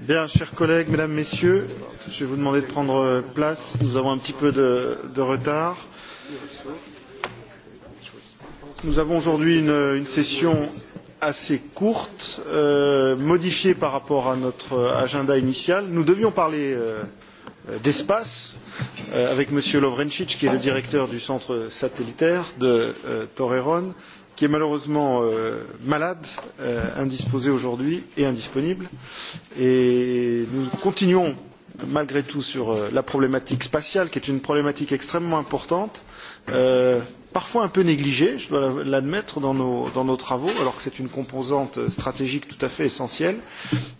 Bien, chers collègues, mesdames, messieurs, je vais vous demander de prendre euh, place. Nous avons un petit peu de, de retard. Nous avons aujourd'hui une, une session assez courte, euh, modifiée par rapport à notre agenda initial. Nous devions parler euh, d'espace euh, avec M. Lovrencic, qui est le directeur du centre satellitaire de euh, Torreón qui est malheureusement euh, malade, euh, indisposé aujourd'hui et indisponible. Et nous continuons malgré tout sur euh, la problématique spatiale, qui est une problématique extrêmement importante, euh, parfois un peu négligée, je dois l'admettre, dans nos, dans nos travaux, alors que c'est une composante stratégique tout à fait essentielle.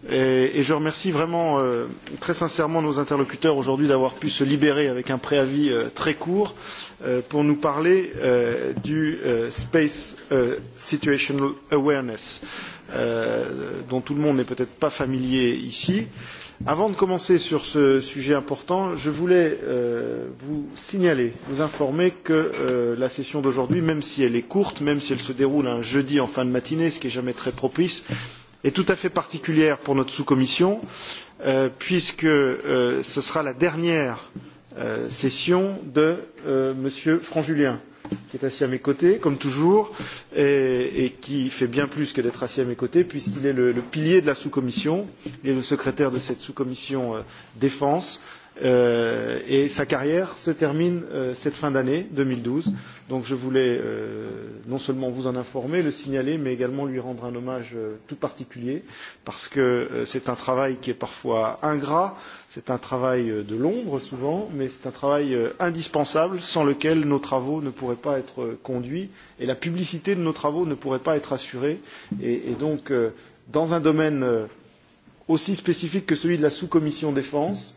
Et, et je remercie vraiment euh, très sincèrement nos interlocuteurs aujourd'hui d'avoir pu se libérer avec un préavis euh, très court Euh, pour nous parler euh, du euh, Space Situational Awareness, dont tout le monde n'est peut-être pas familier ici. Avant de commencer sur ce sujet important, je voulais euh, vous signaler, vous informer que euh, la session d'aujourd'hui, même si elle est courte, même si elle se déroule un jeudi en fin de matinée, ce qui n'est jamais très propice, est tout à fait particulière pour notre sous-commission, euh, puisque ce sera la dernière euh, Euh, session de euh, M. Franc Julien, qui est assis à mes côtés, comme toujours, et, et qui fait bien plus que d'être assis à mes côtés, puisqu'il est le, le, pilier de la sous-commission, il est le secrétaire de cette sous-commission euh, défense, Euh, et sa carrière se termine euh, cette fin d'année deux mille douze. Donc je voulais euh, non seulement vous en informer, le signaler, mais également lui rendre un hommage euh, tout particulier, parce que euh, c'est un travail qui est parfois ingrat, c'est un travail euh, de l'ombre souvent, mais c'est un travail indispensable sans lequel nos travaux ne pourraient pas être conduits et la publicité de nos travaux ne pourrait pas être assurée. Et, et donc, dans un domaine aussi spécifique que celui de la sous-commission défense,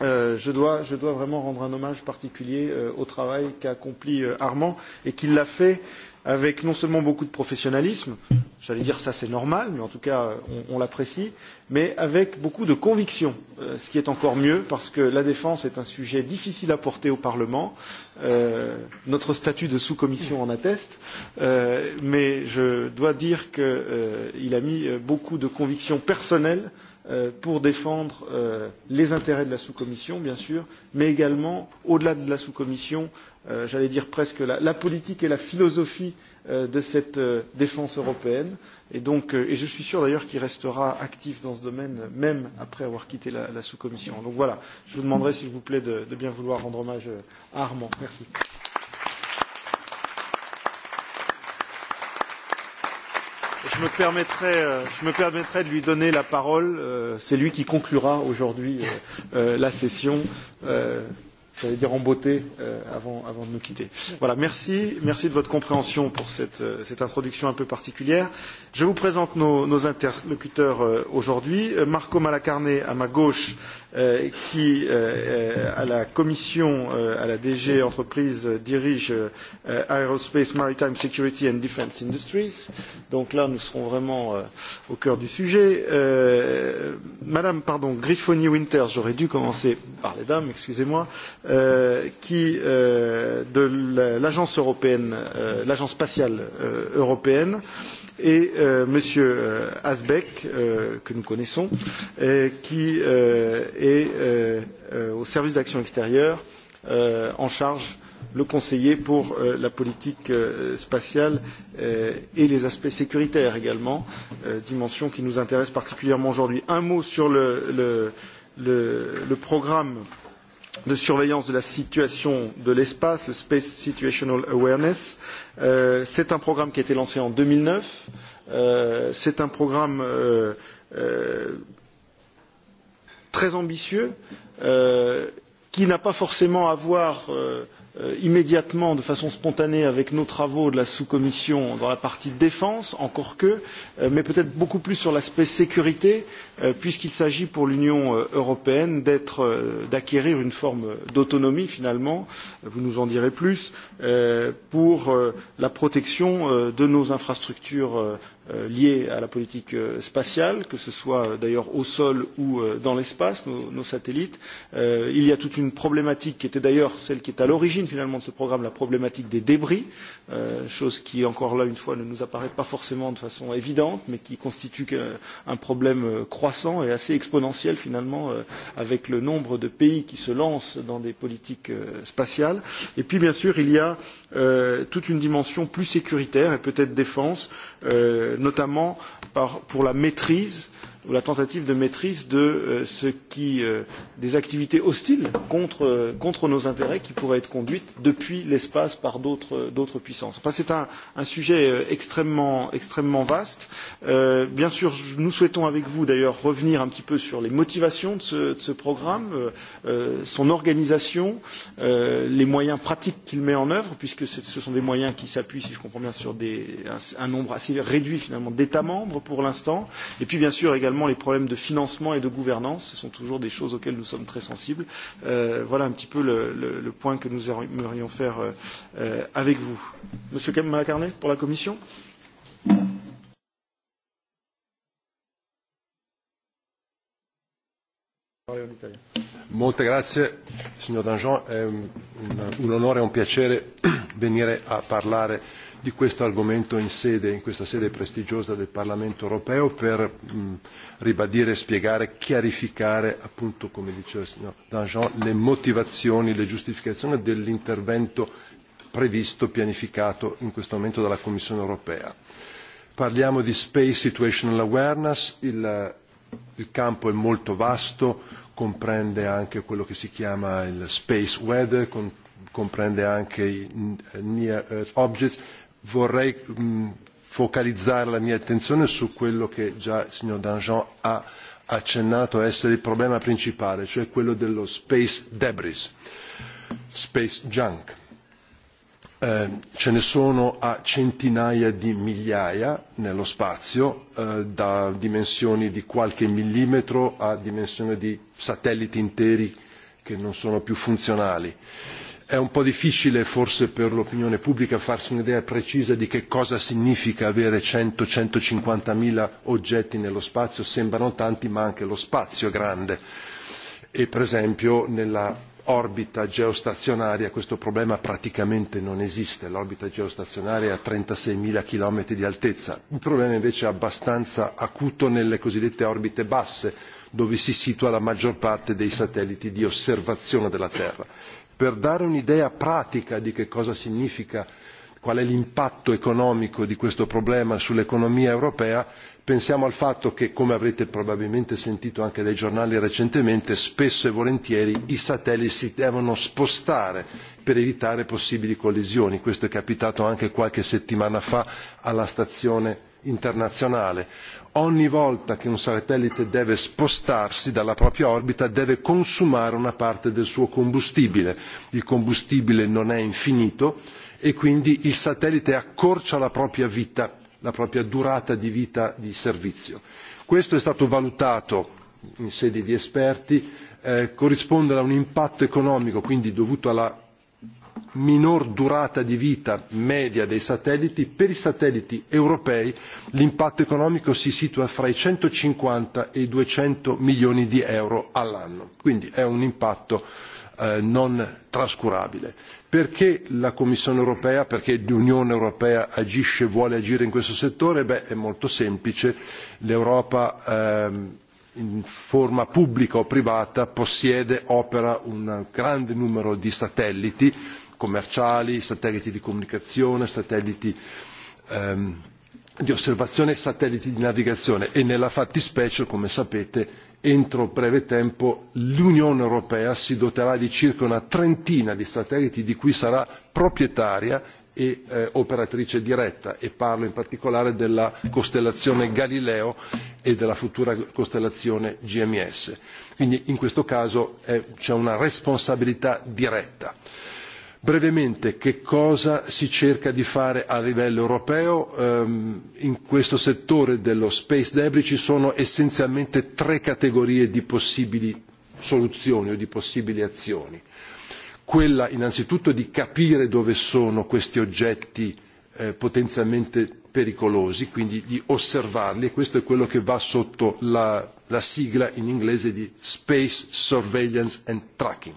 Euh, je, dois, je dois vraiment rendre un hommage particulier euh, au travail qu'a accompli euh, Armand et qu'il l'a fait avec non seulement beaucoup de professionnalisme, j'allais dire ça c'est normal, mais en tout cas euh, on, on l'apprécie, mais avec beaucoup de conviction, euh, ce qui est encore mieux parce que la défense est un sujet difficile à porter au Parlement, euh, notre statut de sous-commission en atteste, euh, mais je dois dire qu'il euh, a mis beaucoup de conviction personnelle Euh, pour défendre euh, les intérêts de la sous-commission, bien sûr, mais également, au-delà de la sous-commission, euh, j'allais dire presque la, la, politique et la philosophie de cette défense européenne. Et, donc, et je suis sûr d'ailleurs qu'il restera actif dans ce domaine, même après avoir quitté la, la sous-commission. Donc voilà, je vous demanderai, s'il vous plaît, de, de bien vouloir rendre hommage à Armand. Merci. Je me, euh, je me permettrai de lui donner la parole. Euh, c'est lui qui conclura aujourd'hui euh, la session j'allais dire en beauté avant, avant de nous quitter. Voilà, merci, merci de votre compréhension pour cette, cette introduction un peu particulière. Je vous présente nos, nos interlocuteurs aujourd'hui. Marco Malacarné à ma gauche, Euh, qui, euh, à la commission, euh, à la DG Entreprises, dirige Aerospace, Maritime Security and Defence Industries. Donc là, nous serons vraiment au cœur du sujet. Madame, pardon, Griffoni Winters, j'aurais dû commencer par les dames, excusez-moi, qui, de l'agence européenne, l'agence spatiale européenne, euh, et euh, M. Euh, Asbeck, euh, que nous connaissons, euh, qui euh, est au service d'action extérieure en charge le conseiller pour la politique spatiale et les aspects sécuritaires également, dimension qui nous intéresse particulièrement aujourd'hui. Un mot sur le, le, le, le programme euh, de surveillance de la situation de l'espace, le Space Situational Awareness. Euh, c'est un programme qui a été lancé en deux mille neuf. Euh, c'est un programme euh, euh, très ambitieux euh, qui n'a pas forcément à voir euh, Euh, immédiatement de façon spontanée avec nos travaux de la sous-commission dans la partie défense, encore que, euh, mais peut-être beaucoup plus sur l'aspect sécurité, euh, puisqu'il s'agit pour l'Union européenne d'acquérir une forme d'autonomie finalement, vous nous en direz plus, pour la protection de nos infrastructures Euh, liées à la politique euh, spatiale, que ce soit euh, d'ailleurs au sol ou dans l'espace, nos, nos, satellites. il y a toute une problématique qui était d'ailleurs celle qui est à l'origine finalement de ce programme, la problématique des débris, chose qui encore là une fois ne nous apparaît pas forcément de façon évidente, mais qui constitue un problème croissant et assez exponentiel finalement avec le nombre de pays qui se lancent dans des politiques spatiales. Et puis bien sûr, il y a Euh, toute une dimension plus sécuritaire et peut-être défense, euh, notamment par, pour la maîtrise ou la tentative de maîtrise de euh, ce qui, euh, des activités hostiles contre, euh, contre nos intérêts qui pourraient être conduites depuis l'espace par d'autres euh, puissances. Enfin, C'est un, un sujet euh, extrêmement, extrêmement vaste. Euh, bien sûr, nous souhaitons avec vous d'ailleurs revenir un petit peu sur les motivations de ce, de ce programme, euh, euh son organisation, euh, les moyens pratiques qu'il met en œuvre, puisque ce sont des moyens qui s'appuient, si je comprends bien, sur des, un, un nombre assez réduit finalement d'États membres pour l'instant, et puis bien sûr également également les problèmes de financement et de gouvernance. Ce sont toujours des choses auxquelles nous sommes très sensibles. Euh, voilà un petit peu le, le, le point que nous aimerions faire euh, euh avec vous. Monsieur Malacarné, pour la Commission. Molte grazie signor Danjean, è un, un onore e un piacere venire a parlare di questo argomento in, sede, in questa sede prestigiosa del Parlamento europeo per mh, ribadire, e spiegare, chiarificare, appunto come diceva il signor Danjean, le motivazioni, le giustificazioni dell'intervento previsto, pianificato in questo momento dalla Commissione europea. Parliamo di Space Situational Awareness, il, il campo è molto vasto, comprende anche quello che si chiama il Space Weather, con comprende anche i near earth objects, vorrei mm, focalizzare la mia attenzione su quello che già il signor Danjean ha accennato a essere il problema principale, cioè quello dello space debris, space junk. Eh, ce ne sono a centinaia di migliaia nello spazio, eh, da dimensioni di qualche millimetro a dimensioni di satelliti interi che non sono più funzionali. Eh, È un po' difficile forse per l'opinione pubblica farsi un'idea precisa di che cosa significa avere 100-150 mila oggetti nello spazio, sembrano tanti ma anche lo spazio è grande e per esempio nella orbita geostazionaria questo problema praticamente non esiste, l'orbita geostazionaria è a mila km di altezza, il problema invece è abbastanza acuto nelle cosiddette orbite basse dove si situa la maggior parte dei satelliti di osservazione della Terra per dare un'idea pratica di che cosa significa qual è l'impatto economico di questo problema sull'economia europea pensiamo al fatto che come avrete probabilmente sentito anche dai giornali recentemente spesso e volentieri i satelliti si devono spostare per evitare possibili collisioni questo è capitato anche qualche settimana fa alla stazione internazionale. Ogni volta che un satellite deve spostarsi dalla propria orbita deve consumare una parte del suo combustibile. Il combustibile non è infinito e quindi il satellite accorcia la propria vita, la propria durata di vita di servizio. Questo è stato valutato in sede di esperti, eh, corrisponde a un impatto economico quindi dovuto alla minor durata di vita media dei satelliti, per i satelliti europei l'impatto economico si situa fra i 150 e i 200 milioni di euro all'anno, quindi è un impatto eh, non trascurabile. Perché la Commissione europea, perché l'Unione europea agisce e vuole agire in questo settore? Beh, è molto semplice, l'Europa ehm, in forma pubblica o privata possiede, opera un grande numero di satelliti commerciali, satelliti di comunicazione, satelliti ehm, di osservazione e satelliti di navigazione e nella fattispecie, come sapete, entro breve tempo l'Unione Europea si doterà di circa una trentina di satelliti di cui sarà proprietaria e eh, operatrice diretta e parlo in particolare della costellazione Galileo e della futura costellazione GMS. Quindi in questo caso eh, c'è una responsabilità diretta. Brevemente, che cosa si cerca di fare a livello europeo? Ehm, in questo settore dello space debris ci sono essenzialmente tre categorie di possibili soluzioni o di possibili azioni quella innanzitutto di capire dove sono questi oggetti eh, potenzialmente pericolosi, quindi di osservarli e questo è quello che va sotto la, la sigla in inglese di Space Surveillance and Tracking.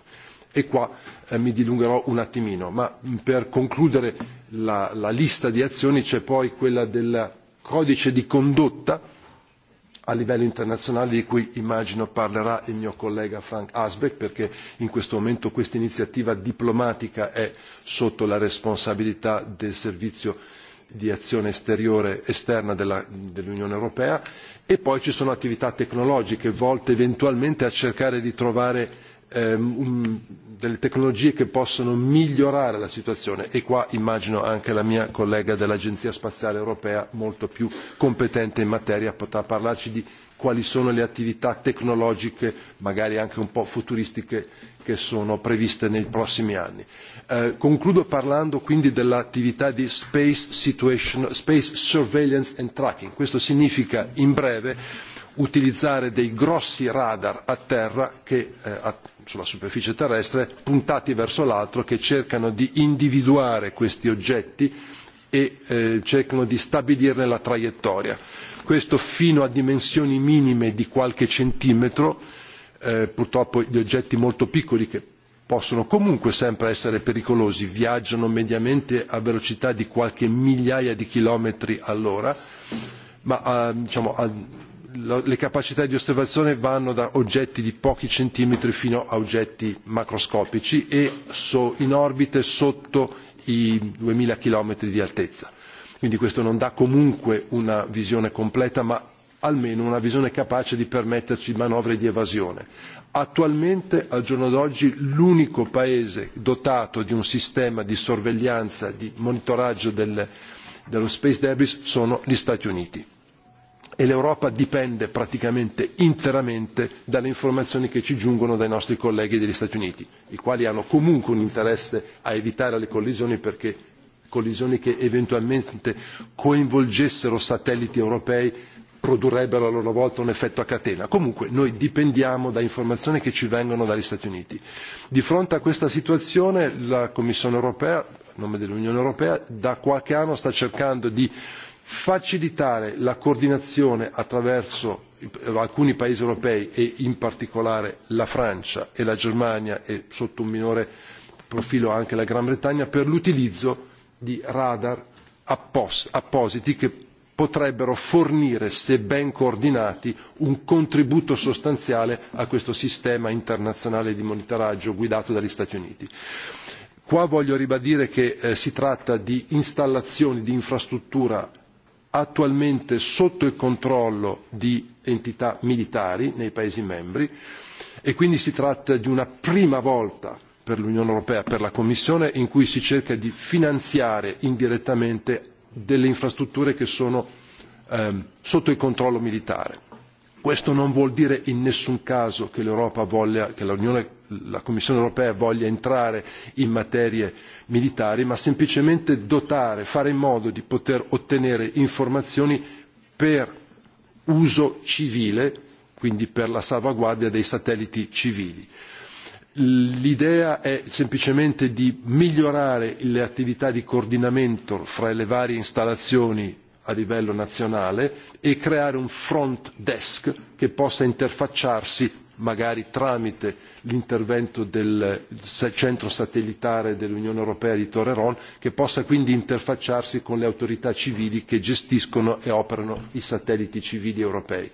E qua eh, mi dilungherò un attimino, ma per concludere la, la lista di azioni c'è poi quella del codice di condotta a livello internazionale di cui immagino parlerà il mio collega Frank Asbeck perché in questo momento questa iniziativa diplomatica è sotto la responsabilità del servizio di azione esteriore esterna dell'Unione Europea e poi ci sono attività tecnologiche volte eventualmente a cercare di trovare ehm, un, delle tecnologie che possono migliorare la situazione e qua immagino anche la mia collega dell'Agenzia Spaziale Europea molto più competente in materia potrà parlarci di quali sono le attività tecnologiche, magari anche un po' futuristiche, che sono previste nei prossimi anni. Eh, concludo parlando quindi dell'attività di space, situation, space Surveillance and Tracking. Questo significa, in breve, utilizzare dei grossi radar a terra che eh, sulla superficie terrestre puntati verso l'altro che cercano di individuare questi oggetti e eh, cercano di stabilirne la traiettoria. Questo fino a dimensioni minime di qualche centimetro, eh, purtroppo gli oggetti molto piccoli che possono comunque sempre essere pericolosi, viaggiano mediamente a velocità di qualche migliaia di chilometri all'ora, ma eh, diciamo, le capacità di osservazione vanno da oggetti di pochi centimetri fino a oggetti macroscopici e so, in orbite sotto i 2000 km di altezza. Quindi questo non dà comunque una visione completa, ma almeno una visione capace di permetterci manovre di evasione. Attualmente, al giorno d'oggi, l'unico paese dotato di un sistema di sorveglianza, di monitoraggio del, dello space debris sono gli Stati Uniti e l'Europa dipende praticamente interamente dalle informazioni che ci giungono dai nostri colleghi degli Stati Uniti, i quali hanno comunque un interesse a evitare le collisioni perché collisioni che eventualmente coinvolgessero satelliti europei produrrebbero a loro volta un effetto a catena. Comunque noi dipendiamo da informazioni che ci vengono dagli Stati Uniti. Di fronte a questa situazione la Commissione europea, a nome dell'Unione europea, da qualche anno sta cercando di facilitare la coordinazione attraverso alcuni paesi europei e in particolare la Francia e la Germania e sotto un minore profilo anche la Gran Bretagna per l'utilizzo di radar appos appositi che potrebbero fornire, se ben coordinati, un contributo sostanziale a questo sistema internazionale di monitoraggio guidato dagli Stati Uniti. Qua voglio ribadire che eh, si tratta di installazioni di infrastruttura attualmente sotto il controllo di entità militari nei Paesi membri e quindi si tratta di una prima volta per l'Unione Europea, per la Commissione, in cui si cerca di finanziare indirettamente delle infrastrutture che sono ehm, sotto il controllo militare. Questo non vuol dire in nessun caso che l'Europa voglia, che l'Unione la Commissione europea voglia entrare in materie militari, ma semplicemente dotare, fare in modo di poter ottenere informazioni per uso civile, quindi per la salvaguardia dei satelliti civili. L'idea è semplicemente di migliorare le attività di coordinamento fra le varie installazioni a livello nazionale e creare un front desk che possa interfacciarsi magari tramite l'intervento del centro satellitare dell'Unione Europea di Torreron, che possa quindi interfacciarsi con le autorità civili che gestiscono e operano i satelliti civili europei.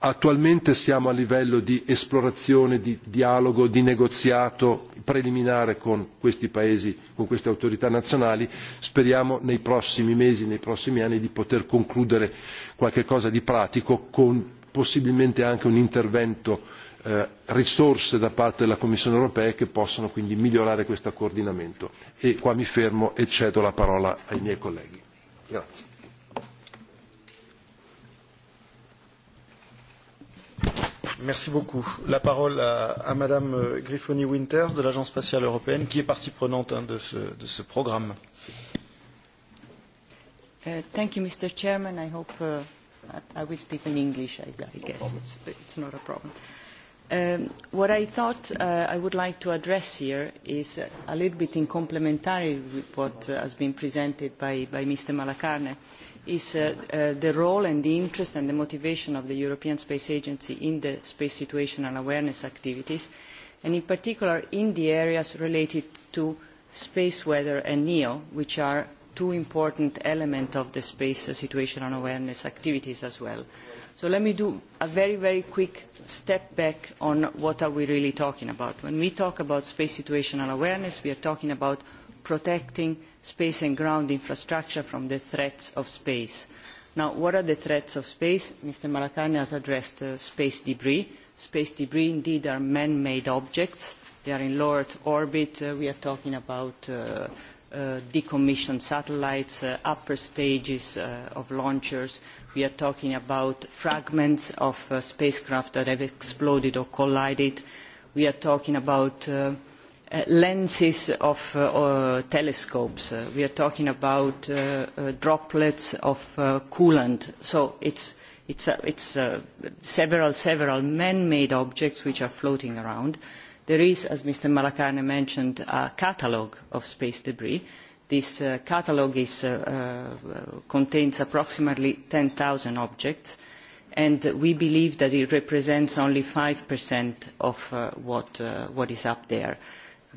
Attualmente siamo a livello di esplorazione, di dialogo, di negoziato preliminare con questi paesi, con queste autorità nazionali. Speriamo nei prossimi mesi, nei prossimi anni di poter concludere qualche cosa di pratico con possibilmente anche un intervento eh, risorse da parte della Commissione europea che possano quindi migliorare questo coordinamento. E qua mi fermo e cedo la parola ai miei colleghi. Grazie. Merci beaucoup. La parole à, à Madame euh, Griffoni-Winters de l'Agence spatiale européenne, qui est partie prenante hein, de, ce, de ce programme. Uh, thank you, Mr. Chairman. I hope uh, i will speak in English, I, I no guess. It's, it's not a problem. Um, what I thought uh, I would like to address here is a little bit in complementary with what uh, has been presented by, by Mr. Malacarne, is uh, uh, the role and the interest and the motivation of the European Space Agency in the space situation and awareness activities, and in particular in the areas related to space weather and NEO, which are two important elements of the space uh, situational awareness activities as well. So let me do a very, very quick step back on what are we really talking about. When we talk about space situational awareness, we are talking about protecting space and ground infrastructure from the threats of space. Now, what are the threats of space? Mr. Malakarni has addressed uh, space debris. Space debris, indeed, are man-made objects. They are in low Earth orbit. Uh, we are talking about uh, uh, decommissioned satellites, uh, upper stages uh, of launchers. We are talking about fragments of uh, spacecraft that have exploded or collided. We are talking about uh, uh, lenses of uh, uh, telescopes. Uh, we are talking about uh, uh, droplets of uh, coolant. So it's, it's, uh, it's uh, several, several man-made objects which are floating around. Uh, there is, as Mr. Malakane mentioned, a catalogue of space debris. This uh, catalogue uh, uh, contains approximately 10,000 objects, and we believe that it represents only 5% of uh, what, uh, what is up there.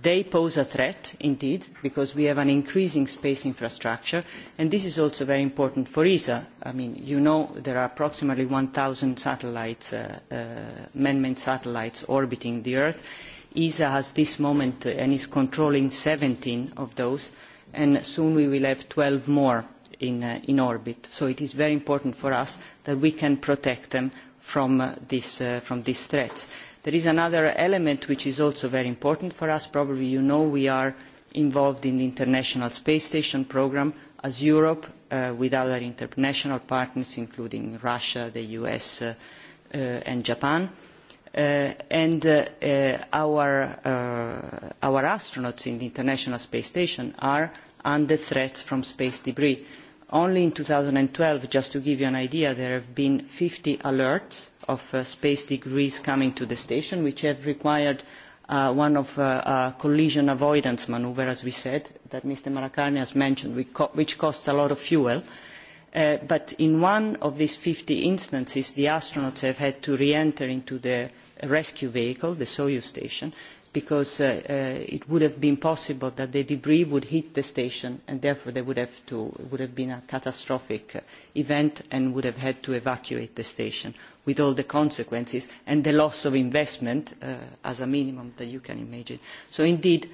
They pose a threat, indeed, because we have an increasing space infrastructure, and this is also very important for ESA. I mean, you know there are approximately 1,000 satellites, uh, uh, man-made satellites orbiting the Earth, ESA has this moment and is controlling seventeen of those, and soon we will have twelve more in, uh, in orbit. So it is very important for us that we can protect them from, uh, this, uh, from these threats. There is another element which is also very important for us. Probably you know we are involved in the International Space Station programme as Europe uh, with other international partners including Russia, the US uh, uh, and Japan. Uh, Uh, and uh, our, uh, our astronauts in the International Space Station are under threat from space debris. Only in twelve, just to give you an idea, there have been fifty alerts of uh, space debris coming to the station, which have required uh, one of uh, uh, collision avoidance manoeuvre, as we said, that Mr. Maracarne has mentioned, which, co which costs a lot of fuel. Uh, Uh, but in one of these fifty instances, the astronauts have had to re-enter into the rescue vehicle, the Soyuz station, because uh, uh it would have been possible that the debris would hit the station and therefore there would have, to, would have been a catastrophic uh, event and would have had to evacuate the station with all the consequences and the loss of investment as a minimum that you can imagine. So indeed,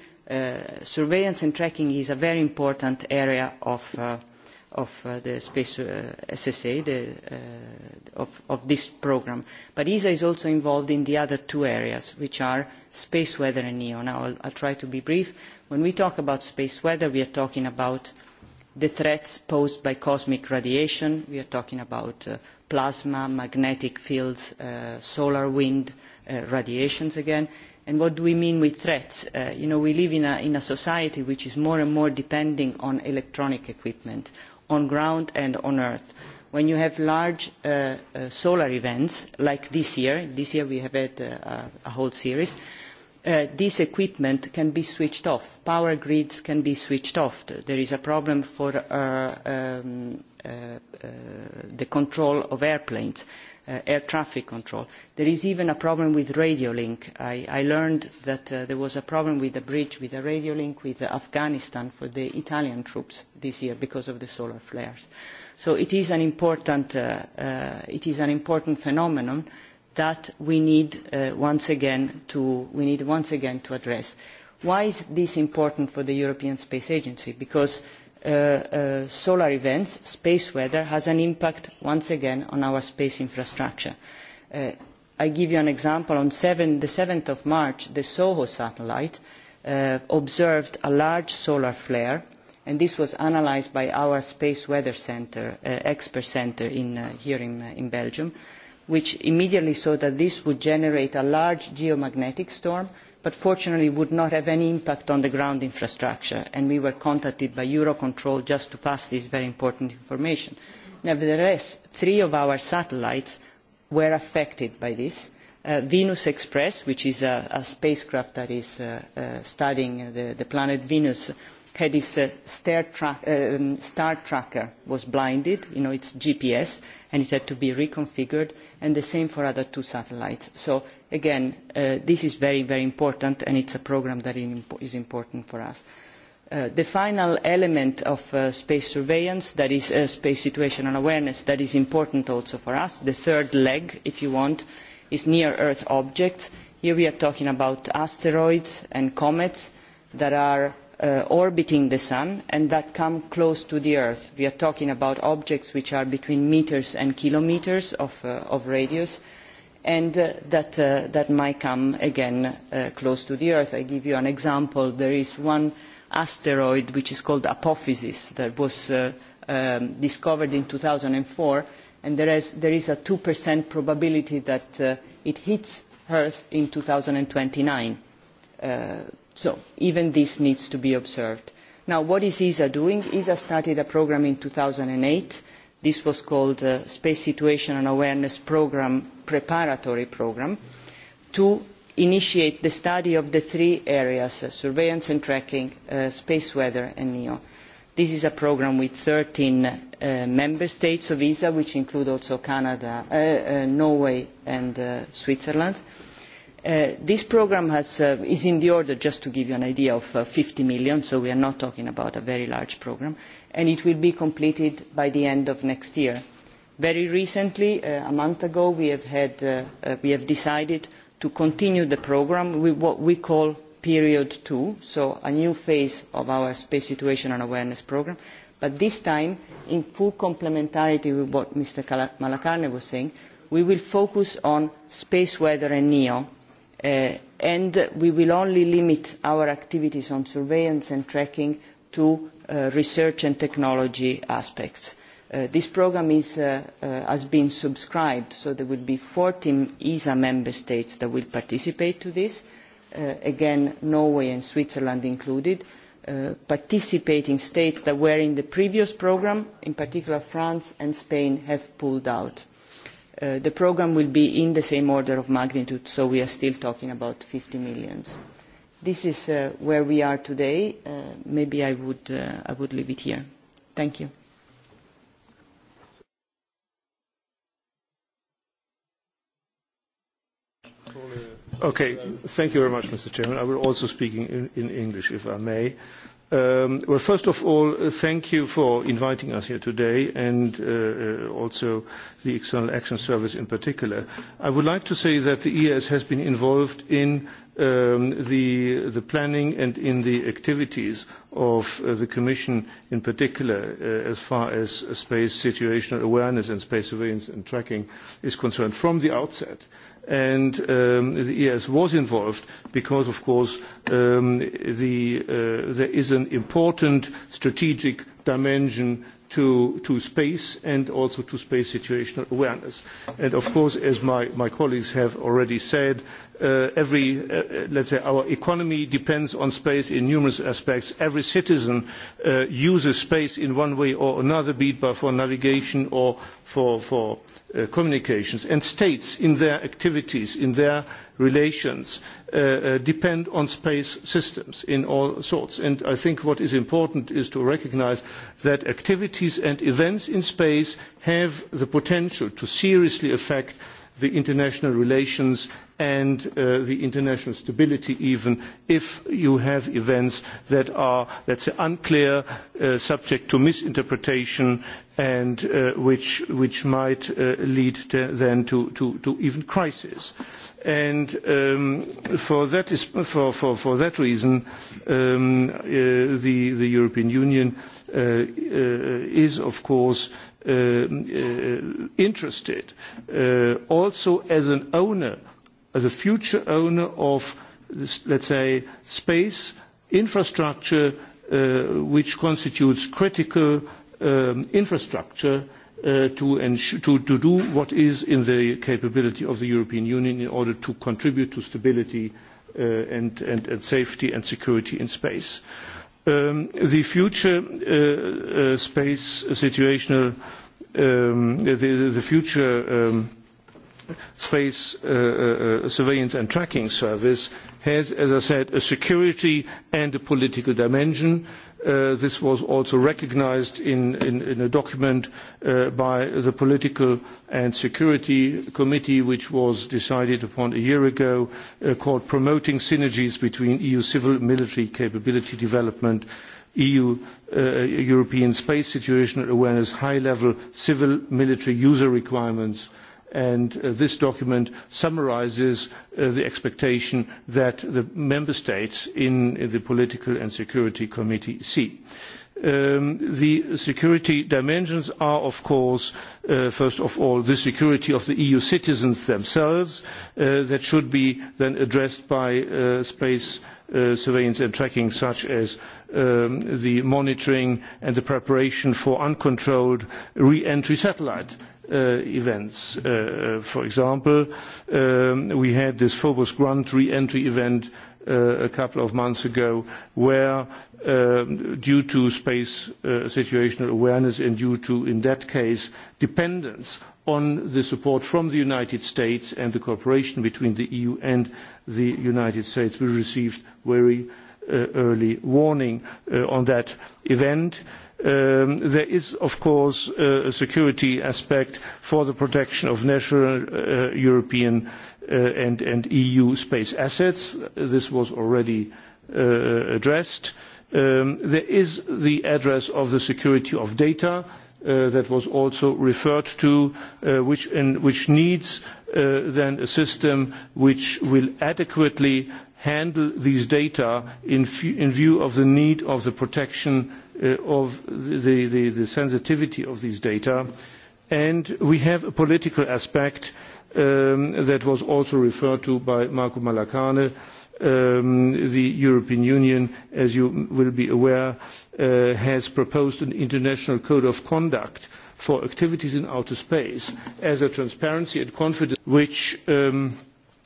surveillance and tracking is a very important area of of uh, the space uh, SSA the, uh, of, of this programme. But ESA is also involved in the other two areas, which are space weather and NEO. Now, I'll, I'll try to be brief. When we talk about space weather, we are talking about the threats posed by cosmic radiation. We are talking about uh, plasma, magnetic fields, uh, solar wind uh, radiations again. And what do we mean with threats? Uh, you know, we live in a, in a society which is more and more depending on electronic equipment, on the ground and on earth. when you have large uh, uh, solar events like this year this year we have had uh, a whole series uh, this equipment can be switched off power grids can be switched off there is a problem for uh, um, the control of airplanes Uh, air traffic control. There is even a problem with radio link. I, I learned that uh, there was a problem with the bridge, with a radio link with Afghanistan for the Italian troops this year because of the solar flares. So it is an important, uh, uh, it is an important phenomenon that we need, uh, once again to, we need once again to address. Why is this important for the European Space Agency? Because Uh, uh, solar events space weather has an impact once again on our space infrastructure. Uh, i give you an example on seven, the of march the soho satellite observed a large solar flare and this was analysed by our space weather centre expert centre here in belgium which immediately saw that this would generate a large geomagnetic storm but fortunately would not have any impact on the ground infrastructure and we were contacted by eurocontrol just to pass this very important information. nevertheless three of our satellites were affected by this uh, venus express which is a, a spacecraft that is uh, uh, studying the, the, planet venus had its uh, tra um, star tracker was blinded you know its gps and it had to be reconfigured and the same for the other two satellites so again, uh, this is very, very important, and it is a programme that is important for us. Uh, the final element of uh, space surveillance, that is space situational awareness, that is important also for us. The third leg, if you want, is near-Earth objects. Here we are talking about asteroids and comets that are orbiting the Sun and that come close to the Earth. We are talking about objects which are between metres and kilometres of, radius, and uh, that, uh, that might come again uh, close to the Earth. I give you an example. There is one asteroid which is called Apophysis that was um, discovered in two thousand four and there is, there is a 2% probability that it hits Earth in two thousand twenty nine. So even this needs to be observed. Now, what is ESA doing? ESA started a programme in two thousand eight This was called the uh, Space Situation and Awareness Programme Preparatory Programme to initiate the study of the three areas, uh, surveillance and tracking, uh, space weather and NEO. This is a programme with thirteen uh, member states of ESA, which include also Canada, uh, uh, Norway and Switzerland. Uh, Uh, this programme uh, is in the order just to give you an idea of eur uh, fifty million so we are not talking about a very large programme and it will be completed by the end of next year. very recently a month ago we have, had, we have decided to continue the programme with what we call period two so a new phase of our space situation and awareness programme but this time in full complementarity with what mr Malakarne was saying we will focus on space weather and neo Uh, and we will only limit our activities on surveillance and tracking to uh, research and technology aspects. Uh, this programme has been subscribed, so there will be fourteen ESA member states that will participate in this, again, Norway and Switzerland included, participating states that were in the previous programme, in particular France and Spain, have pulled out. Uh, the programme will be in the same order of magnitude, so we are still talking about fifty million. This is uh, where we are today. Uh, maybe I would, uh, I would leave it here. Thank you. Okay, thank you very much, Mr. Chairman. I will also speak in, in English, if I may. Uh, Um, well, first of all, uh, thank you for inviting us here today and uh, uh, also the External Action Service in particular. I would like to say that the ES has been involved in um, the, planning and in the activities of the Commission in particular as far as space situational awareness and space surveillance and tracking is concerned from the outset and um, the ES was involved because, of course, um, the, uh, there is an important strategic dimension to, to space and also to space situational awareness. And of course, as my, my colleagues have already said, Uh, every uh, uh, let's say our economy depends on space in numerous aspects every citizen uh, uses space in one way or another be it for navigation or for, for uh, communications and states in their activities in their relations depend on space systems in all sorts and i think what is important is to recognise that activities and events in space have the potential to seriously affect the international relations and uh, the international stability even if you have events that are, let's say, unclear, uh, subject to misinterpretation and uh, which, which, might uh, lead to, then to, to, to, even crisis. And um, for, that is, for, for, for, that reason, um, uh, the, the, European Union uh, is, of course, um, interested also as an owner as a future owner of, let's say, space infrastructure uh, which constitutes critical um, infrastructure uh, to, to, to, do what is in the capability of the European Union in order to contribute to stability uh, and, and, and, safety and security in space. Um, the future space situational, um, the, the, future space uh, uh, uh, surveillance and tracking service has, as I said, a security and a political dimension. Uh, this was also recognised in, in, in, a document uh, by the Political and Security Committee, which was decided upon a year ago, uh, called Promoting Synergies Between EU Civil and Military Capability Development EU uh, European Space Situational Awareness High Level Civil Military User Requirements and uh, this document summarises uh, the expectation that the member states in, in the political and security committee see. Um, the security dimensions are of course uh, first of all the security of the eu citizens themselves uh, that should be then addressed by uh, space Uh, surveillance and tracking, such as um, the monitoring and the preparation for uncontrolled re-entry satellite Uh, events. Uh, uh, for example, um, we had this Phobos Grant re-entry event a couple of months ago, where um, due to space situational awareness and due to, in that case, dependence on the support from the United States and the cooperation between the EU and the United States, we received very early warning on that event. Um, there is, of course, a security aspect for the protection of national uh, European uh, and, and, EU space assets. This was already uh, addressed. Um, there is the address of the security of data. Uh, that was also referred to, uh, which, in, which needs then a system which will adequately handle these data in, in view of the need of the protection Uh, of the, the, sensitivity of these data. And we have a political aspect um, that was also referred to by Marco Malacane. Um, the European Union, as you will be aware, uh, has proposed an international code of conduct for activities in outer space as a transparency and confidence which um,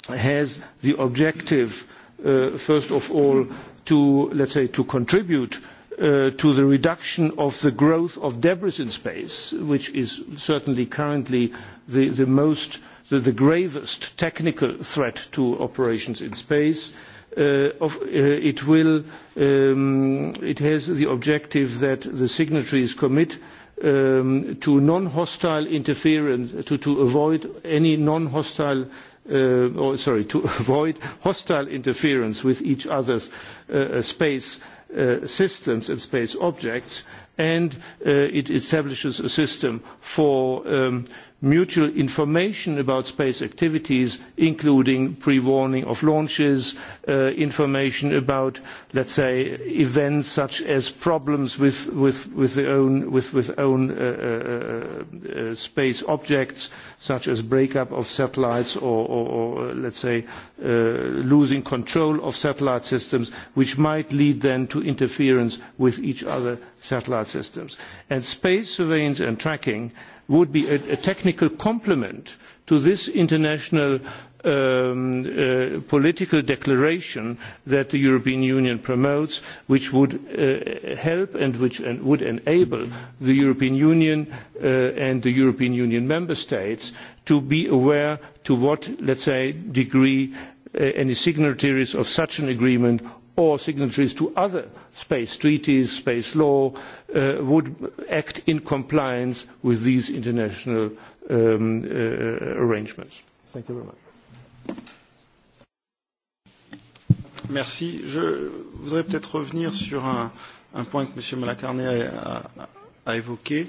has the objective, uh, first of all, to, let's say, to contribute Uh, to the reduction of the growth of debris in space, which is certainly currently the, the most, the, the, gravest technical threat to operations in space. Uh, of, uh, it, will, um, it has the objective that the signatories commit um, to non-hostile interference, to, to, avoid any non-hostile Uh, or sorry, to avoid hostile interference with each other's uh, space uh, systems and space objects, and uh, it establishes a system for um, mutual information about space activities, including pre-warning of launches, uh, information about, let's say, events such as problems with, with, with own, with, with own uh, uh, uh space objects, such as break up of satellites or, or, or say, uh, losing control of satellite systems, which might lead then to interference with each other satellite systems. And space surveillance and tracking would be a, a technical complement to this international um, uh, political declaration that the European Union promotes, which would uh, help and which en would enable the European Union uh, and the European Union member states to be aware to what, let's say, degree uh, any signatories of such an agreement or signatories to other space treaties, space law, uh, would act in compliance with these international um, uh, arrangements. Thank you very much. Merci. Je voudrais peut-être revenir sur un, un point que M. Malacarné a, a, a évoqué.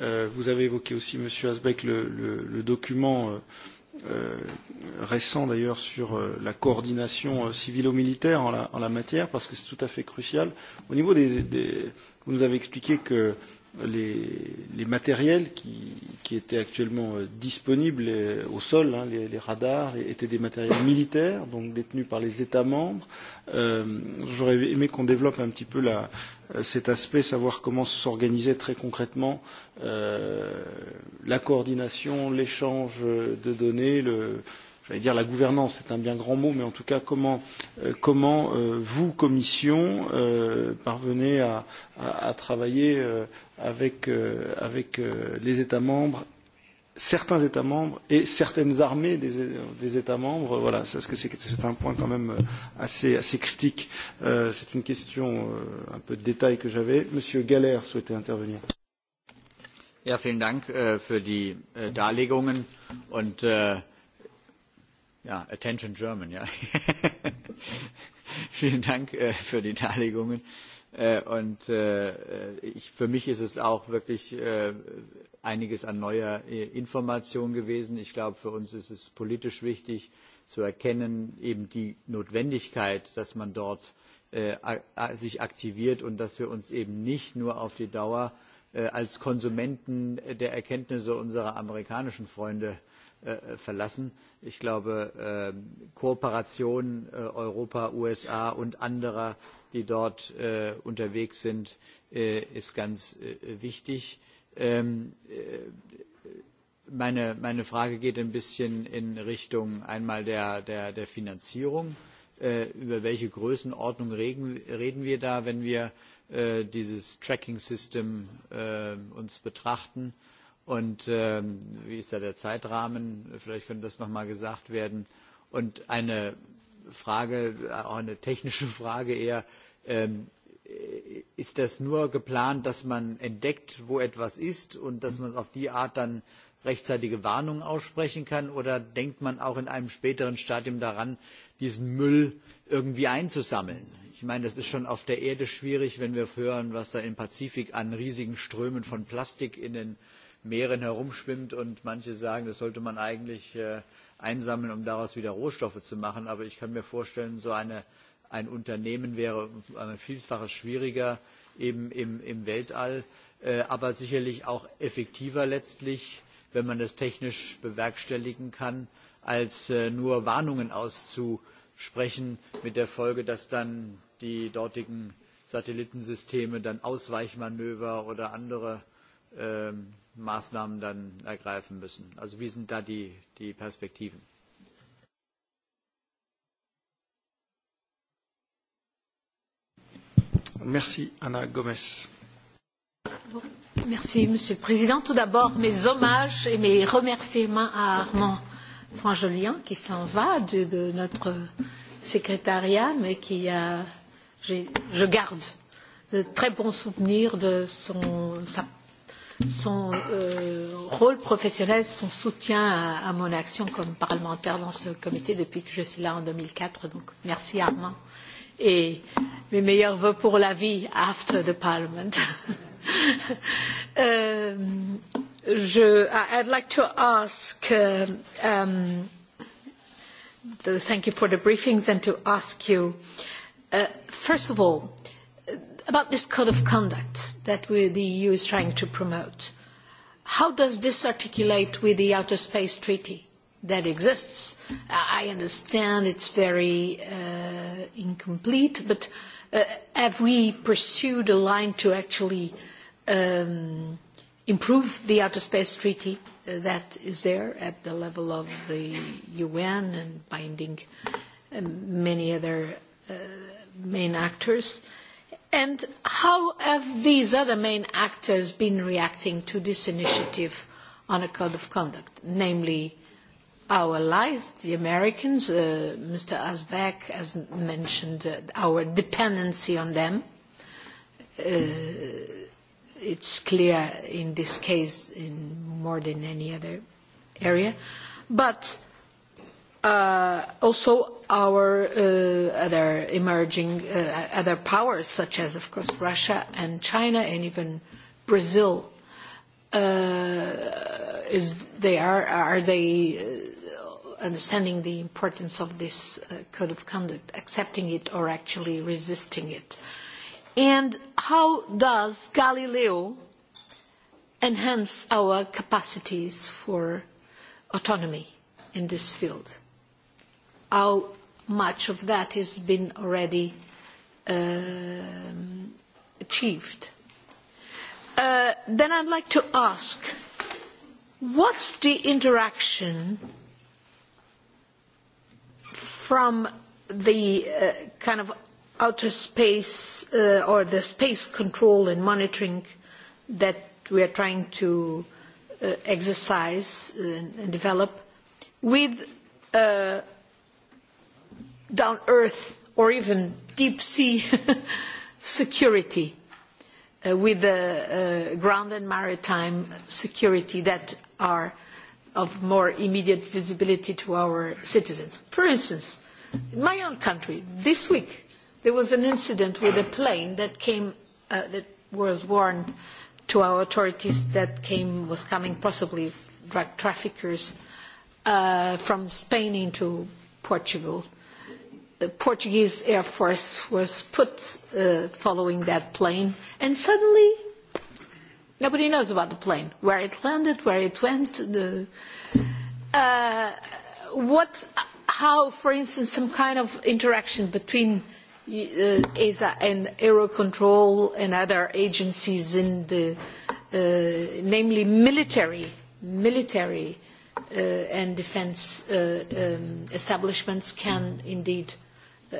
Euh, vous avez évoqué aussi, M. Asbeck, le, le, le document euh, Euh, récent d'ailleurs sur euh, la coordination euh, civilo-militaire en, la, matière, parce que c'est tout à fait crucial. Au niveau des, des vous nous avez expliqué que les, les matériels qui, qui étaient actuellement euh, disponibles euh, au sol, hein, les, les radars, étaient des matériels militaires, donc détenus par les États membres. Euh, J'aurais aimé qu'on développe un petit peu la, euh, cet aspect, savoir comment s'organisait très concrètement euh, la coordination, l'échange de données, le, j'allais dire la gouvernance c'est un bien grand mot, mais en tout cas comment, euh, comment euh, vous, Commission, euh, parvenez à, à, à travailler euh, avec, euh, avec euh, les États membres certains États membres et certaines armées des, des États membres. Voilà, parce que c'est un point quand même euh, assez, assez critique. Euh, c'est une question euh, un peu de détail que j'avais. Monsieur Galère souhaitait intervenir. Ja, vielen Dank äh, für die äh, Darlegungen und äh, ja, Attention German, ja. Vielen Dank äh, für die Darlegungen. Äh, und äh, ich, für mich ist es auch wirklich äh, einiges an neuer äh, Information gewesen. Ich glaube, für uns ist es politisch wichtig zu erkennen, eben die Notwendigkeit, dass man dort äh, sich aktiviert und dass wir uns eben nicht nur auf die Dauer äh, als Konsumenten der Erkenntnisse unserer amerikanischen Freunde Äh, verlassen. Ich glaube, ähm, Kooperation äh, Europa, USA und anderer, die dort äh, unterwegs sind, ist ganz wichtig. Ähm, meine, meine, Frage geht ein bisschen in Richtung einmal der, der, der Finanzierung. Über welche Größenordnung reden, reden wir da, wenn wir dieses Tracking-System betrachten? und ähm, wie ist da der Zeitrahmen? Vielleicht könnte das nochmal gesagt werden. Und eine Frage, auch eine technische Frage eher, ähm, ist das nur geplant, dass man entdeckt, wo etwas ist und dass man auf die Art dann rechtzeitige Warnungen aussprechen kann? Oder denkt man auch in einem späteren Stadium daran, diesen Müll irgendwie einzusammeln? Ich meine, das ist schon auf der Erde schwierig, wenn wir hören, was da im Pazifik an riesigen Strömen von Plastik in den Meeren herumschwimmt und manche sagen, das sollte man eigentlich äh, einsammeln, um daraus wieder Rohstoffe zu machen. Aber ich kann mir vorstellen, so eine, ein Unternehmen wäre ein äh, Vielfaches schwieriger eben im, im Weltall, äh, aber sicherlich auch effektiver letztlich, wenn man das technisch bewerkstelligen kann, als nur Warnungen auszusprechen, mit der Folge, dass dann die dortigen Satellitensysteme dann Ausweichmanöver oder andere ähm, Maßnahmen dann ergreifen müssen. Also wie sind da die, die Perspektiven? Merci, Anna Gomez. Merci, Monsieur le Président. Tout d'abord, mes hommages et mes remerciements à Armand Frangelien, qui s'en va de, de notre secrétariat, mais qui a, je garde de très bons souvenirs de son, sa son euh, rôle professionnel, son soutien à, à mon action comme parlementaire dans ce comité depuis que je suis là en 2004. Donc merci Armand et mes meilleurs voeux pour la vie after the parliament. euh, je, I'd like to ask um, um, the, thank you for the briefings and to ask you uh, first of all about this code of conduct that we, the EU is trying to promote. How does this articulate with the Outer Space Treaty that exists? I understand it's very uh, incomplete, but uh, have we pursued a line to actually um, improve the Outer Space Treaty uh, that is there at the level of the UN and binding uh, many other uh, main actors? And how have these other main actors been reacting to this initiative on a code of conduct, namely our allies, the Americans, uh, Mr. Asbeck has mentioned uh, our dependency on them. Uh, it's clear in this case in more than any other area. But Uh, also our uh, other emerging uh, other powers such as of course Russia and China and even Brazil uh, is they are are they uh, understanding the importance of this code of conduct accepting it or actually resisting it and how does Galileo enhance our capacities for autonomy in this field how much of that has been already um, achieved. Uh, then I'd like to ask, what's the interaction from the uh, kind of outer space uh, or the space control and monitoring that we are trying to uh, exercise and, uh, and develop with down earth or even deep sea security uh, with the uh, uh, ground and maritime security that are of more immediate visibility to our citizens. For instance, in my own country, this week, there was an incident with a plane that came, uh, that was warned to our authorities that came, was coming possibly drug traffickers uh, from Spain into Portugal The Portuguese Air Force was put uh, following that plane, and suddenly nobody knows about the plane, where it landed, where it went. The, uh, what, how, for instance, some kind of interaction between uh, ESA and Aerocontrol and other agencies in the, uh, namely military, military uh, and defense uh, um, establishments can indeed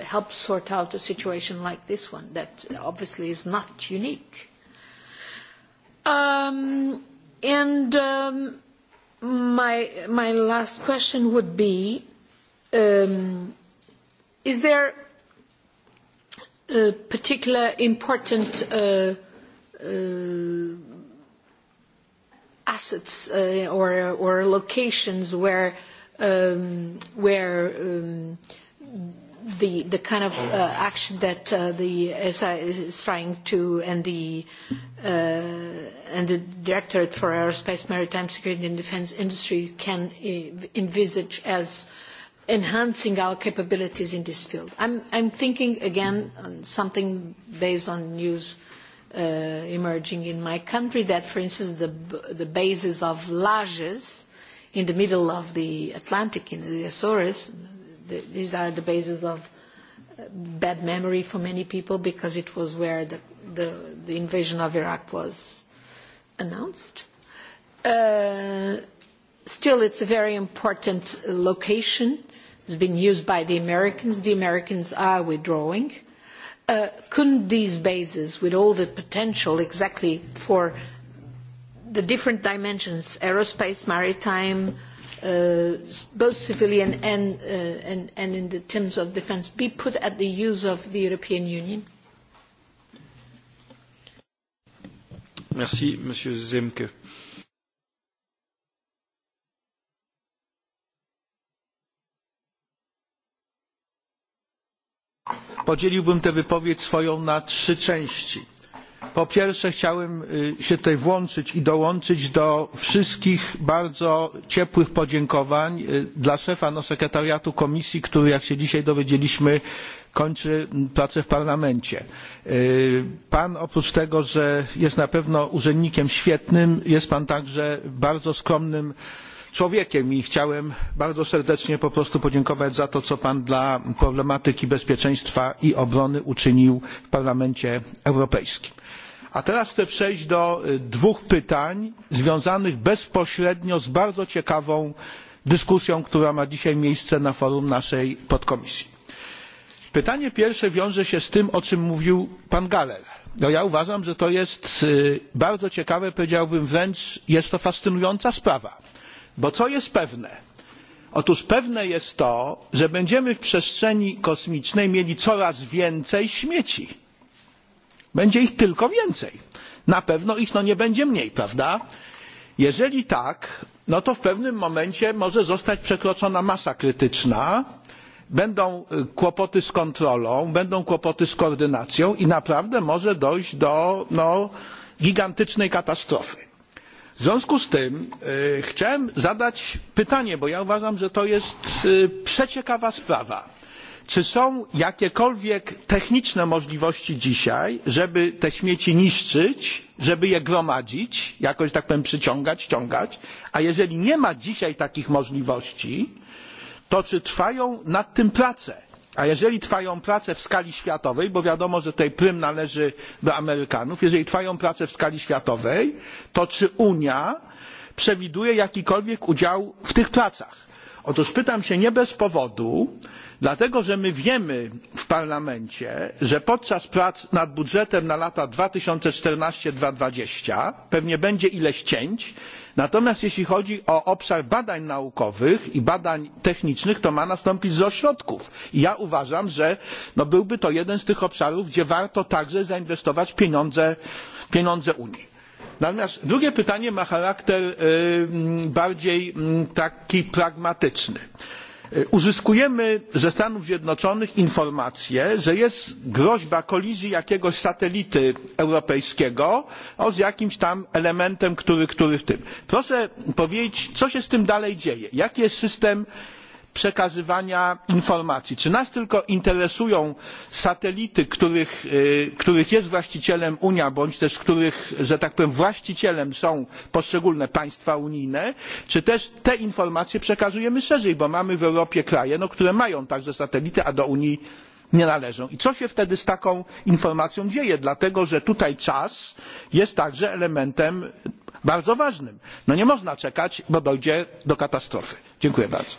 help sort out a situation like this one that obviously is not unique. Um, and um, my, my last question would be, um, is there a particular important uh, uh, assets uh, or, or locations where, um, where um, the, the kind of uh, action that uh, the SI is trying to and the uh, and the Directorate for Aerospace, Maritime Security and Defence Industry can uh, envisage as enhancing our capabilities in this field. I'm, I'm thinking again on something based on news uh, emerging in my country that, for instance, the, the bases of Lages in the middle of the Atlantic in the Azores, these are the basis of uh, bad memory for many people because it was where the, the, the invasion of Iraq was announced. Uh, still, it's a very important location. It's been used by the Americans. The Americans are withdrawing. Uh, couldn't these bases, with all the potential exactly for the different dimensions, aerospace, maritime, uh, both civilian and, uh, and, and in the terms of defence, be put at the use of the European Union? Merci, Monsieur Zemke. Podzieliłbym tę wypowiedź swoją na trzy części po pierwsze chciałem się tutaj włączyć i dołączyć do wszystkich bardzo ciepłych podziękowań dla szefa no, sekretariatu komisji który jak się dzisiaj dowiedzieliśmy kończy pracę w parlamencie. pan oprócz tego że jest na pewno urzędnikiem świetnym jest pan także bardzo skromnym człowiekiem i chciałem bardzo serdecznie po prostu podziękować za to co pan dla problematyki bezpieczeństwa i obrony uczynił w parlamencie europejskim. A teraz chcę przejść do e, dwóch pytań związanych bezpośrednio z bardzo ciekawą dyskusją, która ma dzisiaj miejsce na forum naszej podkomisji. Pytanie pierwsze wiąże się z tym, o czym mówił pan Galer. No ja uważam, że to jest e, bardzo ciekawe, powiedziałbym wręcz, jest to fascynująca sprawa. Bo co jest pewne? Otóż pewne jest to, że będziemy w przestrzeni kosmicznej mieli coraz więcej śmieci. Będzie ich tylko więcej. Na pewno ich no nie będzie mniej, prawda? Jeżeli tak, no to w pewnym momencie może zostać przekroczona masa krytyczna, będą kłopoty z kontrolą, będą kłopoty z koordynacją i naprawdę może dojść do no, gigantycznej katastrofy. W związku z tym chciałem zadać pytanie, bo ja uważam, że to jest przeciekawa sprawa czy są jakiekolwiek techniczne możliwości dzisiaj żeby te śmieci niszczyć żeby je gromadzić jakoś tak powiem przyciągać ściągać a jeżeli nie ma dzisiaj takich możliwości to czy trwają nad tym prace a jeżeli trwają prace w skali światowej bo wiadomo że tutaj prym należy do amerykanów jeżeli trwają prace w skali światowej to czy unia przewiduje jakikolwiek udział w tych pracach? otóż pytam się nie bez powodu dlatego że my wiemy w parlamencie że podczas prac nad budżetem na lata dwa tysiące czternaście dwa tysiące dwadzieścia pewnie będzie ileś cięć natomiast jeśli chodzi o obszar badań naukowych i badań technicznych to ma nastąpić wzrost środków i ja uważam że no byłby to jeden z tych obszarów gdzie warto także zainwestować pieniądze, pieniądze unii. Natomiast drugie pytanie ma charakter bardziej taki pragmatyczny E, uzyskujemy ze stanów zjednoczonych informację że jest groźba kolizji jakiegoś satelity europejskiego z jakimś tam elementem który, który w tym. proszę powiedzieć co się z tym dalej dzieje jaki jest system przekazywania informacji. Czy nas tylko interesują satelity, których, e, których, jest właścicielem Unia, bądź też których, że tak powiem, właścicielem są poszczególne państwa unijne, czy też te informacje przekazujemy szerzej, bo mamy w Europie kraje, no, które mają także satelity, a do Unii nie należą. I co się wtedy z taką informacją dzieje? Dlatego, że tutaj czas jest także elementem bardzo ważnym. No nie można czekać, bo dojdzie do katastrofy. Dziękuję bardzo.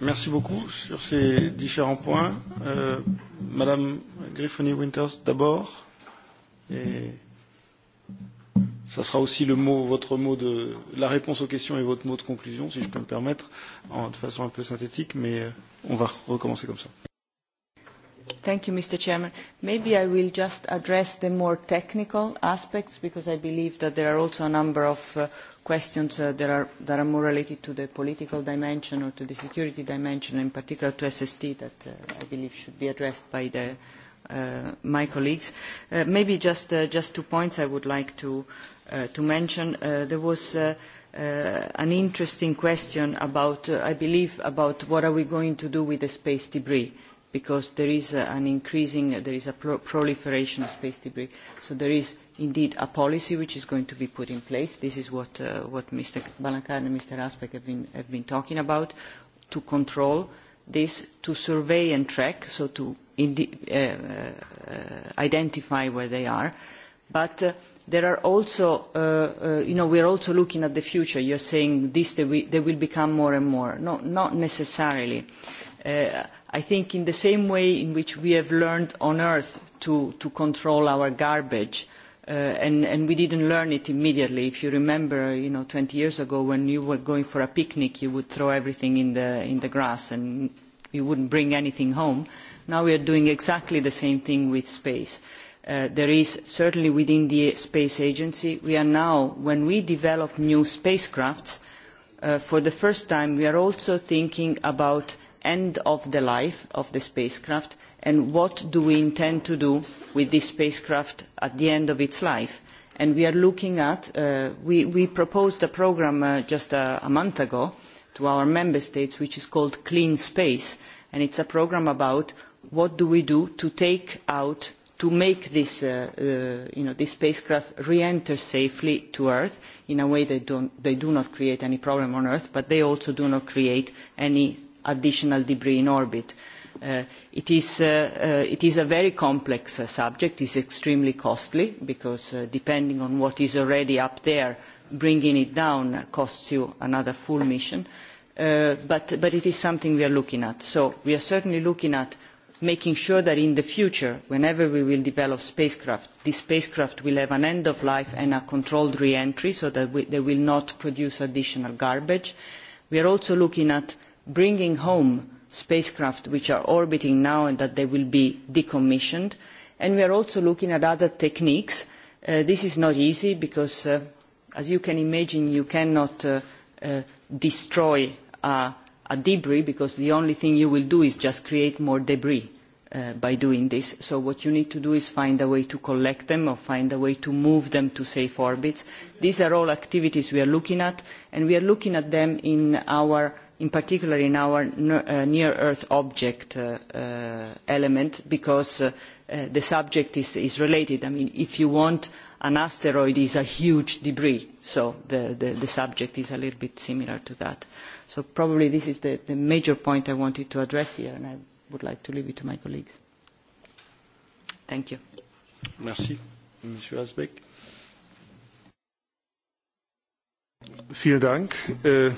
Merci beaucoup sur ces différents points. Euh, Madame Griffony-Winters d'abord. Et ça sera aussi le mot, votre mot de la réponse aux questions et votre mot de conclusion, si je peux me permettre, en, de façon un peu synthétique, mais euh, on va recommencer comme ça. Thank you, Mr. Chairman. Maybe I will just address the more technical aspects because I believe that there are also a number of uh, questions uh, that, are, that are more related to the political dimension or to the security dimension, in particular to SST, that uh, I believe should be addressed by the, uh, my colleagues. Uh, maybe just, uh, just two points I would like to, uh, to mention. Uh, there was uh, uh, an interesting question about, uh, I believe, about what are we going to do with the space debris because there is uh, an increasing, there is a pro proliferation of space debris. So there is indeed a policy which is going to be put in place. This is what, uh, what Mr. Balankar and Mr. Aspect have been, have been talking about, to control this, to survey and track, so to uh, uh, identify where they are. But uh, there are also, you know, we are also looking at the future. You are saying this, they will, they will become more and more. No, not necessarily. i think in the same way in which we have learned on earth to, to control our garbage Uh, and, and we didn't learn it immediately. If you remember, you know, 20 years ago when you were going for a picnic, you would throw everything in the, in the grass and you wouldn't bring anything home. Now we are doing exactly the same thing with space. Uh, there is certainly within the space agency, we are now, when we develop new spacecrafts, uh, for the first time we are also thinking about end of the life of the spacecraft and what do we intend to do with this spacecraft at the end of its life. And we are looking at, uh, we, we, proposed a programme uh, just a, a, month ago to our member states which is called Clean Space and it is a programme about what do we do to take out to make this, uh, uh, you know, this spacecraft re-enter safely to Earth in a way that don't, they do not create any problem on Earth, but they also do not create any additional debris in orbit. Uh, it, is, uh, uh, it is a very complex uh, subject. it is extremely costly because uh, depending on what is already up there bringing it down costs you another full mission uh, but, but it is something we are looking at. so we are certainly looking at making sure that in the future whenever we will develop spacecraft these spacecraft will have an end of life and a controlled re entry so that we, they will not produce additional garbage. we are also looking at bringing home spacecraft which are orbiting now and that they will be decommissioned. And we are also looking at other techniques. Uh, this is not easy because, uh, as you can imagine, you cannot uh, uh destroy a debris because the only thing you will do is just create more debris uh, by doing this. So what you need to do is find a way to collect them or find a way to move them to safe orbits. These are all activities we are looking at, and we are looking at them in our in particular in our uh, near earth object uh, uh, element because the subject is, related. I mean, if you want an asteroid is a huge debris so the, subject is a little bit similar to that. so probably this is the, major point i wanted to address here and i would like to leave it to my colleagues. thank you. Vielen Dank. Äh,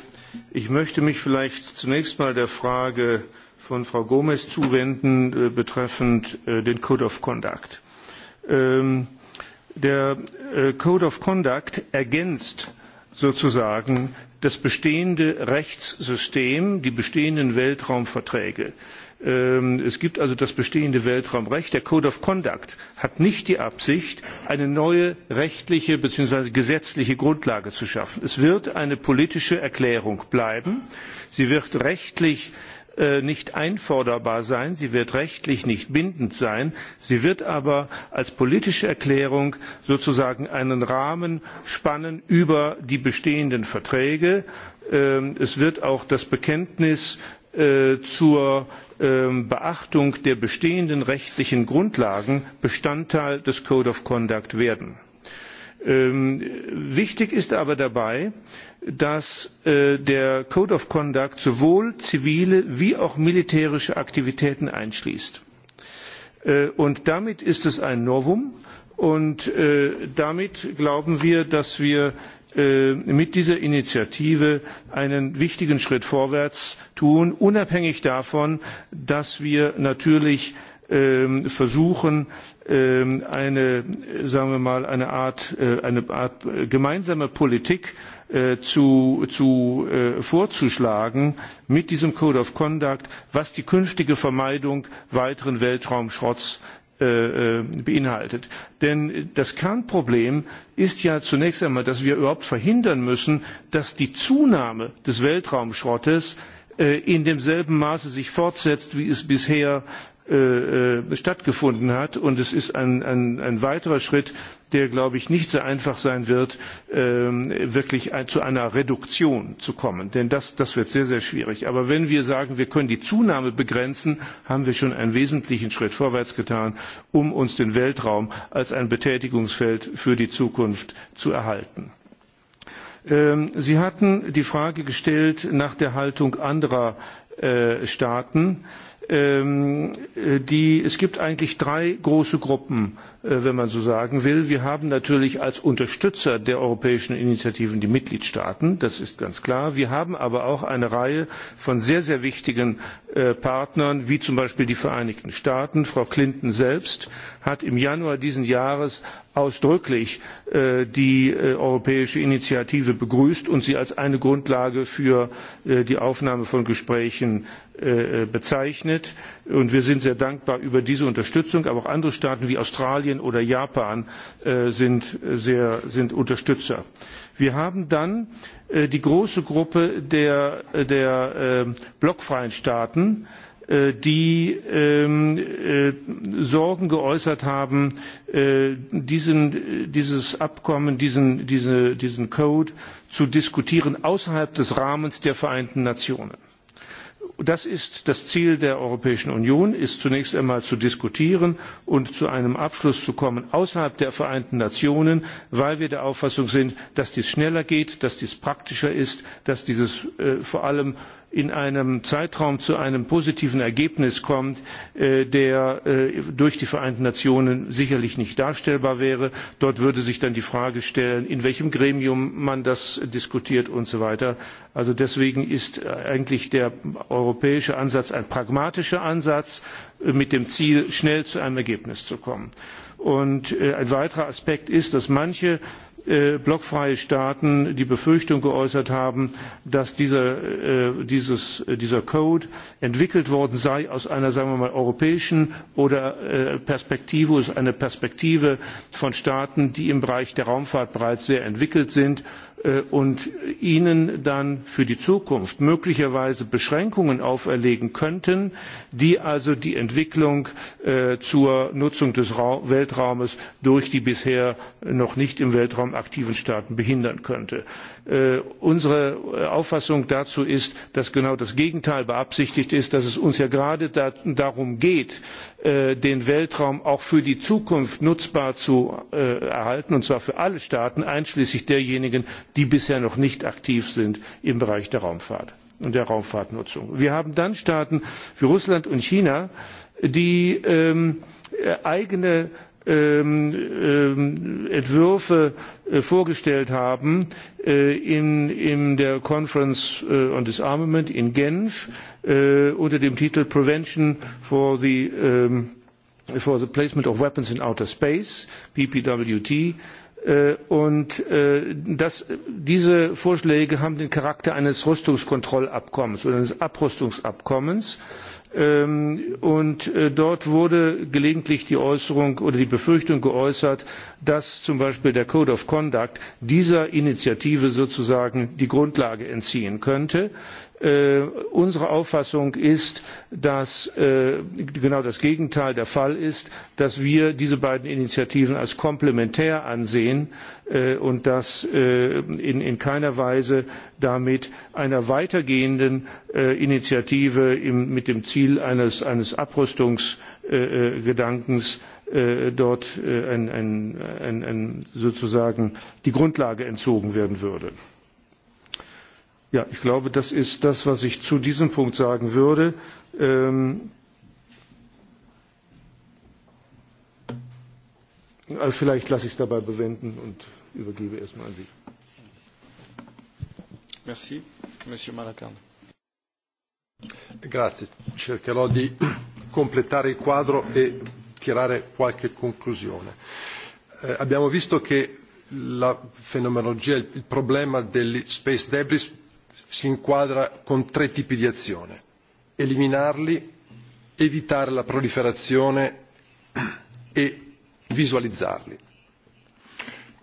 ich möchte mich vielleicht zunächst mal der Frage von Frau Gomes zuwenden äh, betreffend äh, den Code of Conduct. Ähm, der Code of Conduct ergänzt sozusagen das bestehende Rechtssystem, die bestehenden Weltraumverträge. Ähm, es gibt also das bestehende Weltraumrecht. Der Code of Conduct hat nicht die Absicht, eine neue rechtliche bzw. gesetzliche Grundlage zu schaffen. Es wird eine politische Erklärung bleiben. Sie wird rechtlich äh, nicht einforderbar sein, sie wird rechtlich nicht bindend sein, sie wird aber als politische Erklärung sozusagen einen Rahmen spannen über die bestehenden Verträge. Ähm, es wird auch das Bekenntnis Äh, zur ähm, Beachtung der bestehenden rechtlichen Grundlagen Bestandteil des Code of Conduct werden. Ähm, wichtig ist aber dabei, dass äh, der Code of Conduct sowohl zivile wie auch militärische Aktivitäten einschließt. Äh, und damit ist es ein Novum und damit glauben wir, dass wir Äh, mit dieser Initiative einen wichtigen Schritt vorwärts tun, unabhängig davon, dass wir natürlich ähm, versuchen, ähm, eine, sagen wir mal, eine Art, äh, eine Art äh, gemeinsame Politik zu, zu, vorzuschlagen mit diesem Code of Conduct, was die künftige Vermeidung weiteren Weltraumschrotts Äh, äh, beinhaltet. Denn das Kernproblem ist ja zunächst einmal, dass wir überhaupt verhindern müssen, dass die Zunahme des Weltraumschrottes äh, in demselben Maße sich fortsetzt, wie es bisher Äh, äh, stattgefunden hat. Und es ist ein, ein, ein weiterer Schritt, der, glaube ich, nicht so einfach sein wird, ähm, wirklich zu einer Reduktion zu kommen. Denn das, das wird sehr, sehr schwierig. Aber wenn wir sagen, wir können die Zunahme begrenzen, haben wir schon einen wesentlichen Schritt vorwärts getan, um uns den Weltraum als ein Betätigungsfeld für die Zukunft zu erhalten. Ähm, Sie hatten die Frage gestellt nach der Haltung anderer äh, Staaten. Ähm, äh, die, es gibt eigentlich drei große Gruppen, äh, wenn man so sagen will. Wir haben natürlich als Unterstützer der europäischen Initiativen die Mitgliedstaaten, das ist ganz klar. Wir haben aber auch eine Reihe von sehr, sehr wichtigen äh, Partnern, wie zum Beispiel die Vereinigten Staaten. Frau Clinton selbst hat im Januar diesen Jahres ausdrücklich die europäische Initiative begrüßt und sie als eine Grundlage für die Aufnahme von Gesprächen Äh, bezeichnet. Und wir sind sehr dankbar über diese Unterstützung. Aber auch andere Staaten wie Australien oder Japan äh, sind, sehr, sind Unterstützer. Wir haben dann äh, die große Gruppe der, der ähm, blockfreien Staaten, die ähm, Sorgen geäußert haben, diesen, dieses Abkommen, diesen, diesen Code zu diskutieren außerhalb des Rahmens der Vereinten Nationen das ist das Ziel der Europäischen Union, ist zunächst einmal zu diskutieren und zu einem Abschluss zu kommen außerhalb der Vereinten Nationen, weil wir der Auffassung sind, dass dies schneller geht, dass dies praktischer ist, dass dies äh, vor allem in einem Zeitraum zu einem positiven Ergebnis kommt, äh, der äh, durch die Vereinten Nationen sicherlich nicht darstellbar wäre. Dort würde sich dann die Frage stellen, in welchem Gremium man das diskutiert und so weiter. Also deswegen ist äh, eigentlich der europäische Ansatz ein pragmatischer Ansatz mit dem Ziel, schnell zu einem Ergebnis zu kommen. Und ein weiterer Aspekt ist, dass manche Äh, blockfreie Staaten die Befürchtung geäußert haben, dass dieser, äh, dieses, äh, dieser Code entwickelt worden sei aus einer, sagen wir mal, europäischen oder Perspektive, aus einer Perspektive von Staaten, die im Bereich der Raumfahrt bereits sehr entwickelt sind Äh, und ihnen dann für die Zukunft möglicherweise Beschränkungen auferlegen könnten, die also die Entwicklung äh, zur Nutzung des Weltraumes durch die bisher noch nicht im Weltraum aktiven Staaten behindern könnte. Äh, unsere äh, Auffassung dazu ist, dass genau das Gegenteil beabsichtigt ist, dass es uns ja gerade darum geht, äh, den Weltraum auch für die Zukunft nutzbar zu erhalten, und zwar für alle Staaten, einschließlich derjenigen, die bisher noch nicht aktiv sind im Bereich der Raumfahrt und der Raumfahrtnutzung. Wir haben dann Staaten wie Russland und China, die ähm, eigene Ähm, ähm, Entwürfe äh, vorgestellt haben äh, in, in der Conference äh, on Disarmament in Genf unter dem Titel Prevention for the, ähm, for the Placement of Weapons in Outer Space, PPWT, und das, diese Vorschläge haben den Charakter eines Rüstungskontrollabkommens oder eines Abrüstungsabkommens. Ähm, und äh, dort wurde gelegentlich die Äußerung oder die Befürchtung geäußert, dass zum Beispiel der Code of Conduct dieser Initiative sozusagen die Grundlage entziehen könnte. Äh, unsere Auffassung ist, dass äh, genau das Gegenteil der Fall ist, dass wir diese beiden Initiativen als komplementär ansehen äh, und dass äh, in, in, keiner Weise damit einer weitergehenden äh, Initiative im, mit dem Ziel eines, eines Abrüstungsgedankens dort ein, ein, ein, sozusagen die Grundlage entzogen werden würde. Ja, ich glaube, das ist das, was ich zu diesem Punkt sagen würde. Ähm, also vielleicht lasse ich es dabei bewenden und übergebe erstmal an Sie. Merci. Monsieur Malacan. Grazie. Cercherò di completare il quadro e tirare qualche conclusione. Eh, abbiamo visto che la fenomenologia, il problema degli space debris si inquadra con tre tipi di azione eliminarli, evitare la proliferazione e visualizzarli.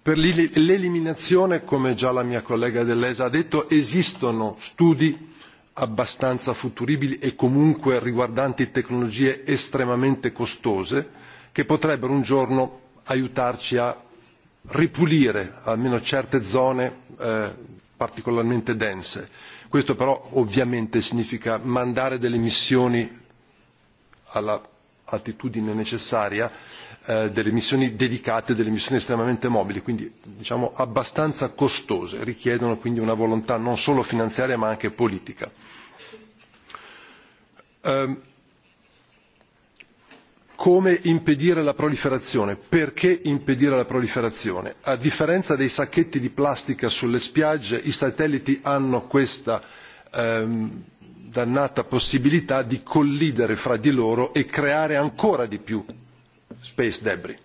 Per l'eliminazione, come già la mia collega Dell'Esa ha detto, esistono studi abbastanza futuribili e comunque riguardanti tecnologie estremamente costose che potrebbero un giorno aiutarci a ripulire almeno certe zone eh, particolarmente dense. Questo però ovviamente significa mandare delle missioni all'altitudine necessaria, eh, delle missioni dedicate, delle missioni estremamente mobili, quindi diciamo abbastanza costose, richiedono quindi una volontà non solo finanziaria ma anche politica. Eh, come impedire la proliferazione perché impedire la proliferazione? a differenza dei sacchetti di plastica sulle spiagge i satelliti hanno questa ehm, dannata possibilità di collidere fra di loro e creare ancora di più space debris.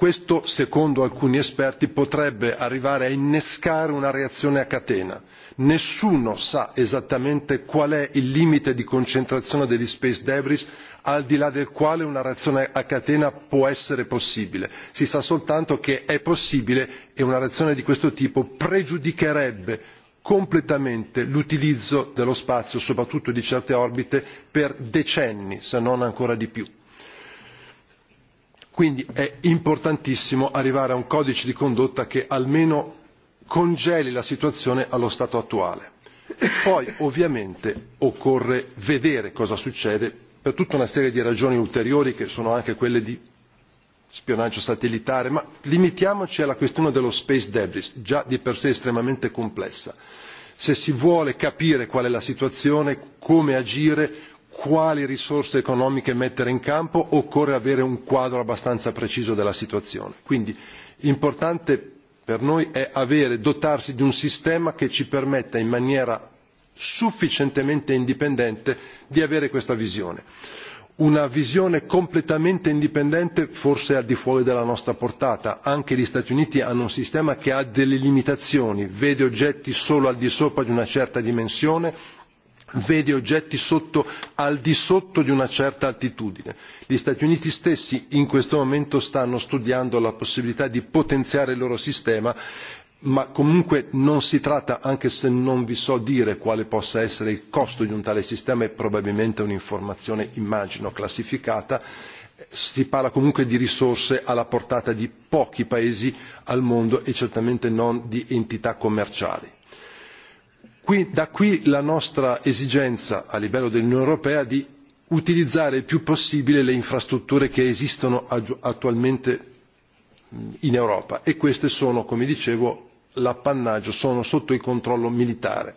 Questo, secondo alcuni esperti, potrebbe arrivare a innescare una reazione a catena. Nessuno sa esattamente qual è il limite di concentrazione degli space debris al di là del quale una reazione a catena può essere possibile. Si sa soltanto che è possibile e una reazione di questo tipo pregiudicherebbe completamente l'utilizzo dello spazio, soprattutto di certe orbite, per decenni, se non ancora di più. Quindi è importantissimo arrivare a un codice di condotta che almeno congeli la situazione allo stato attuale. Poi ovviamente occorre vedere cosa succede per tutta una serie di ragioni ulteriori che sono anche quelle di spionaggio satellitare, ma limitiamoci alla questione dello space debris, già di per sé estremamente complessa. Se si vuole capire qual è la situazione, come agire, quali risorse economiche mettere in campo occorre avere un quadro abbastanza preciso della situazione. Quindi importante per noi è avere, dotarsi di un sistema che ci permetta in maniera sufficientemente indipendente di avere questa visione. Una visione completamente indipendente forse al di fuori della nostra portata. Anche gli Stati Uniti hanno un sistema che ha delle limitazioni, vede oggetti solo al di sopra di una certa dimensione vede oggetti sotto, al di sotto di una certa altitudine. Gli Stati Uniti stessi in questo momento stanno studiando la possibilità di potenziare il loro sistema ma comunque non si tratta, anche se non vi so dire quale possa essere il costo di un tale sistema, è probabilmente un'informazione, immagino, classificata, si parla comunque di risorse alla portata di pochi paesi al mondo e certamente non di entità commerciali da qui la nostra esigenza a livello dell'Unione Europea di utilizzare il più possibile le infrastrutture che esistono attualmente in Europa e queste sono, come dicevo, l'appannaggio, sono sotto il controllo militare.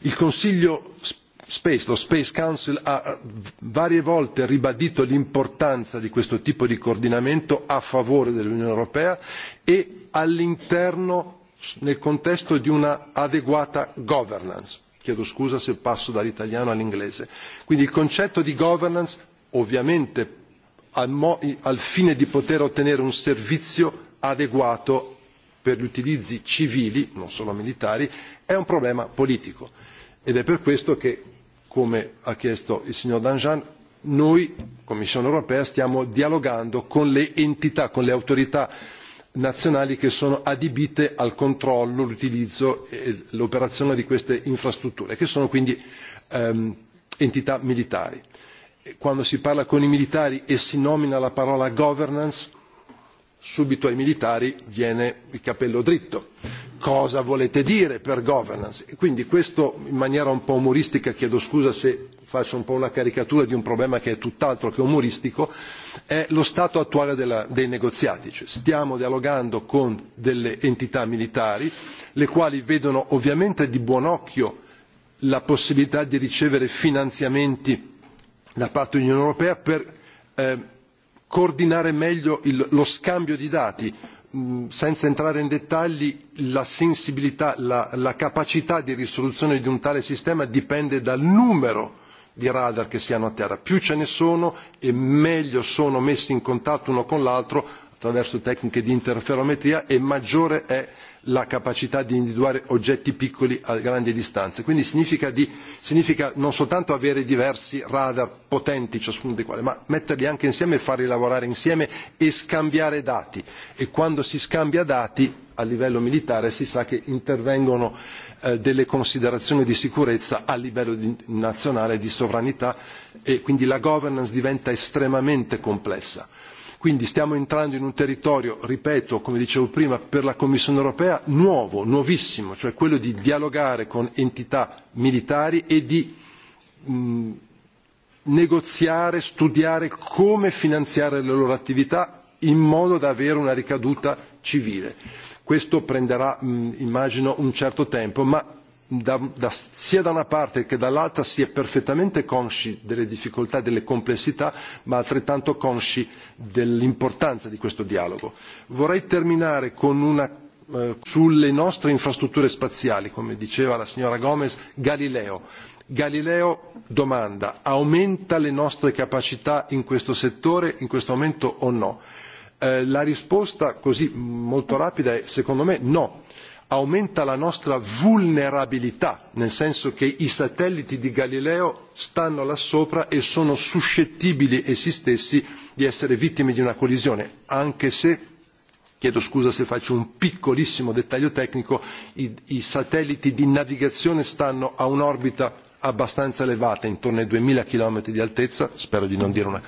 Il Consiglio Space, lo Space Council, ha varie volte ribadito l'importanza di questo tipo di coordinamento a favore dell'Unione Europea e all'interno nel contesto di una adeguata governance. Chiedo scusa se passo dall'italiano all'inglese. Quindi il concetto di governance, ovviamente al, mo, al fine di poter ottenere un servizio adeguato per gli utilizzi civili, non solo militari, è un problema politico. Ed è per questo che, come ha chiesto il signor Danjean, noi, Commissione europea, stiamo dialogando con le entità, con le autorità nazionali che sono adibite al controllo, l'utilizzo e l'operazione di queste infrastrutture, che sono quindi ehm, entità militari. E quando si parla con i militari e si nomina la parola governance, subito ai militari viene il capello dritto cosa volete dire per governance. E quindi questo in maniera un po' umoristica, chiedo scusa se faccio un po' una caricatura di un problema che è tutt'altro che umoristico, è lo stato attuale della, dei negoziati. Cioè, stiamo dialogando con delle entità militari, le quali vedono ovviamente di buon occhio la possibilità di ricevere finanziamenti da parte dell'Unione Europea per eh, coordinare meglio il, lo scambio di dati Mm, senza entrare in dettagli, la sensibilità, la, la capacità di risoluzione di un tale sistema dipende dal numero di radar che siano a terra. Più ce ne sono e meglio sono messi in contatto uno con l'altro attraverso tecniche di interferometria e maggiore è la capacità di individuare oggetti piccoli a grandi distanze. Quindi significa, di, significa non soltanto avere diversi radar potenti, ciascuno dei quali, ma metterli anche insieme e farli lavorare insieme e scambiare dati. E quando si scambia dati a livello militare si sa che intervengono eh, delle considerazioni di sicurezza a livello di, nazionale di sovranità e quindi la governance diventa estremamente complessa Quindi stiamo entrando in un territorio, ripeto, come dicevo prima, per la Commissione europea nuovo, nuovissimo, cioè quello di dialogare con entità militari e di mh, negoziare, studiare come finanziare le loro attività in modo da avere una ricaduta civile. Questo prenderà, mh, immagino, un certo tempo, ma da, da, sia da una parte che dall'altra si è perfettamente consci delle difficoltà e delle complessità, ma altrettanto consci dell'importanza di questo dialogo. Vorrei terminare con una eh, sulle nostre infrastrutture spaziali, come diceva la signora Gomez, Galileo. Galileo domanda aumenta le nostre capacità in questo settore in questo momento o no? Eh, la risposta così molto rapida è secondo me no aumenta la nostra vulnerabilità, nel senso che i satelliti di Galileo stanno là sopra e sono suscettibili essi stessi di essere vittime di una collisione, anche se, chiedo scusa se faccio un piccolissimo dettaglio tecnico, i, i satelliti di navigazione stanno a un'orbita abbastanza elevata, intorno ai duemila chilometri di altezza, spero di non dire una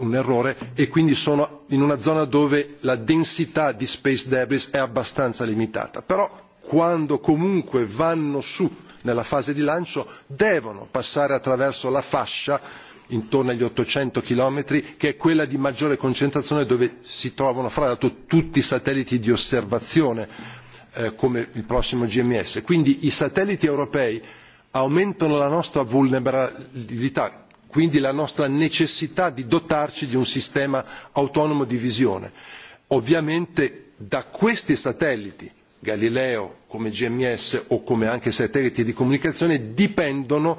un errore e quindi sono in una zona dove la densità di space debris è abbastanza limitata. Però quando comunque vanno su nella fase di lancio devono passare attraverso la fascia intorno agli ottocento chilometri che è quella di maggiore concentrazione dove si trovano fra l'altro tutti i satelliti di osservazione eh, come il prossimo GMS. Quindi i satelliti europei aumentano la nostra vulnerabilità quindi la nostra necessità di dotarci di un sistema autonomo di visione. Ovviamente da questi satelliti, Galileo come GMS o come anche satelliti di comunicazione, dipendono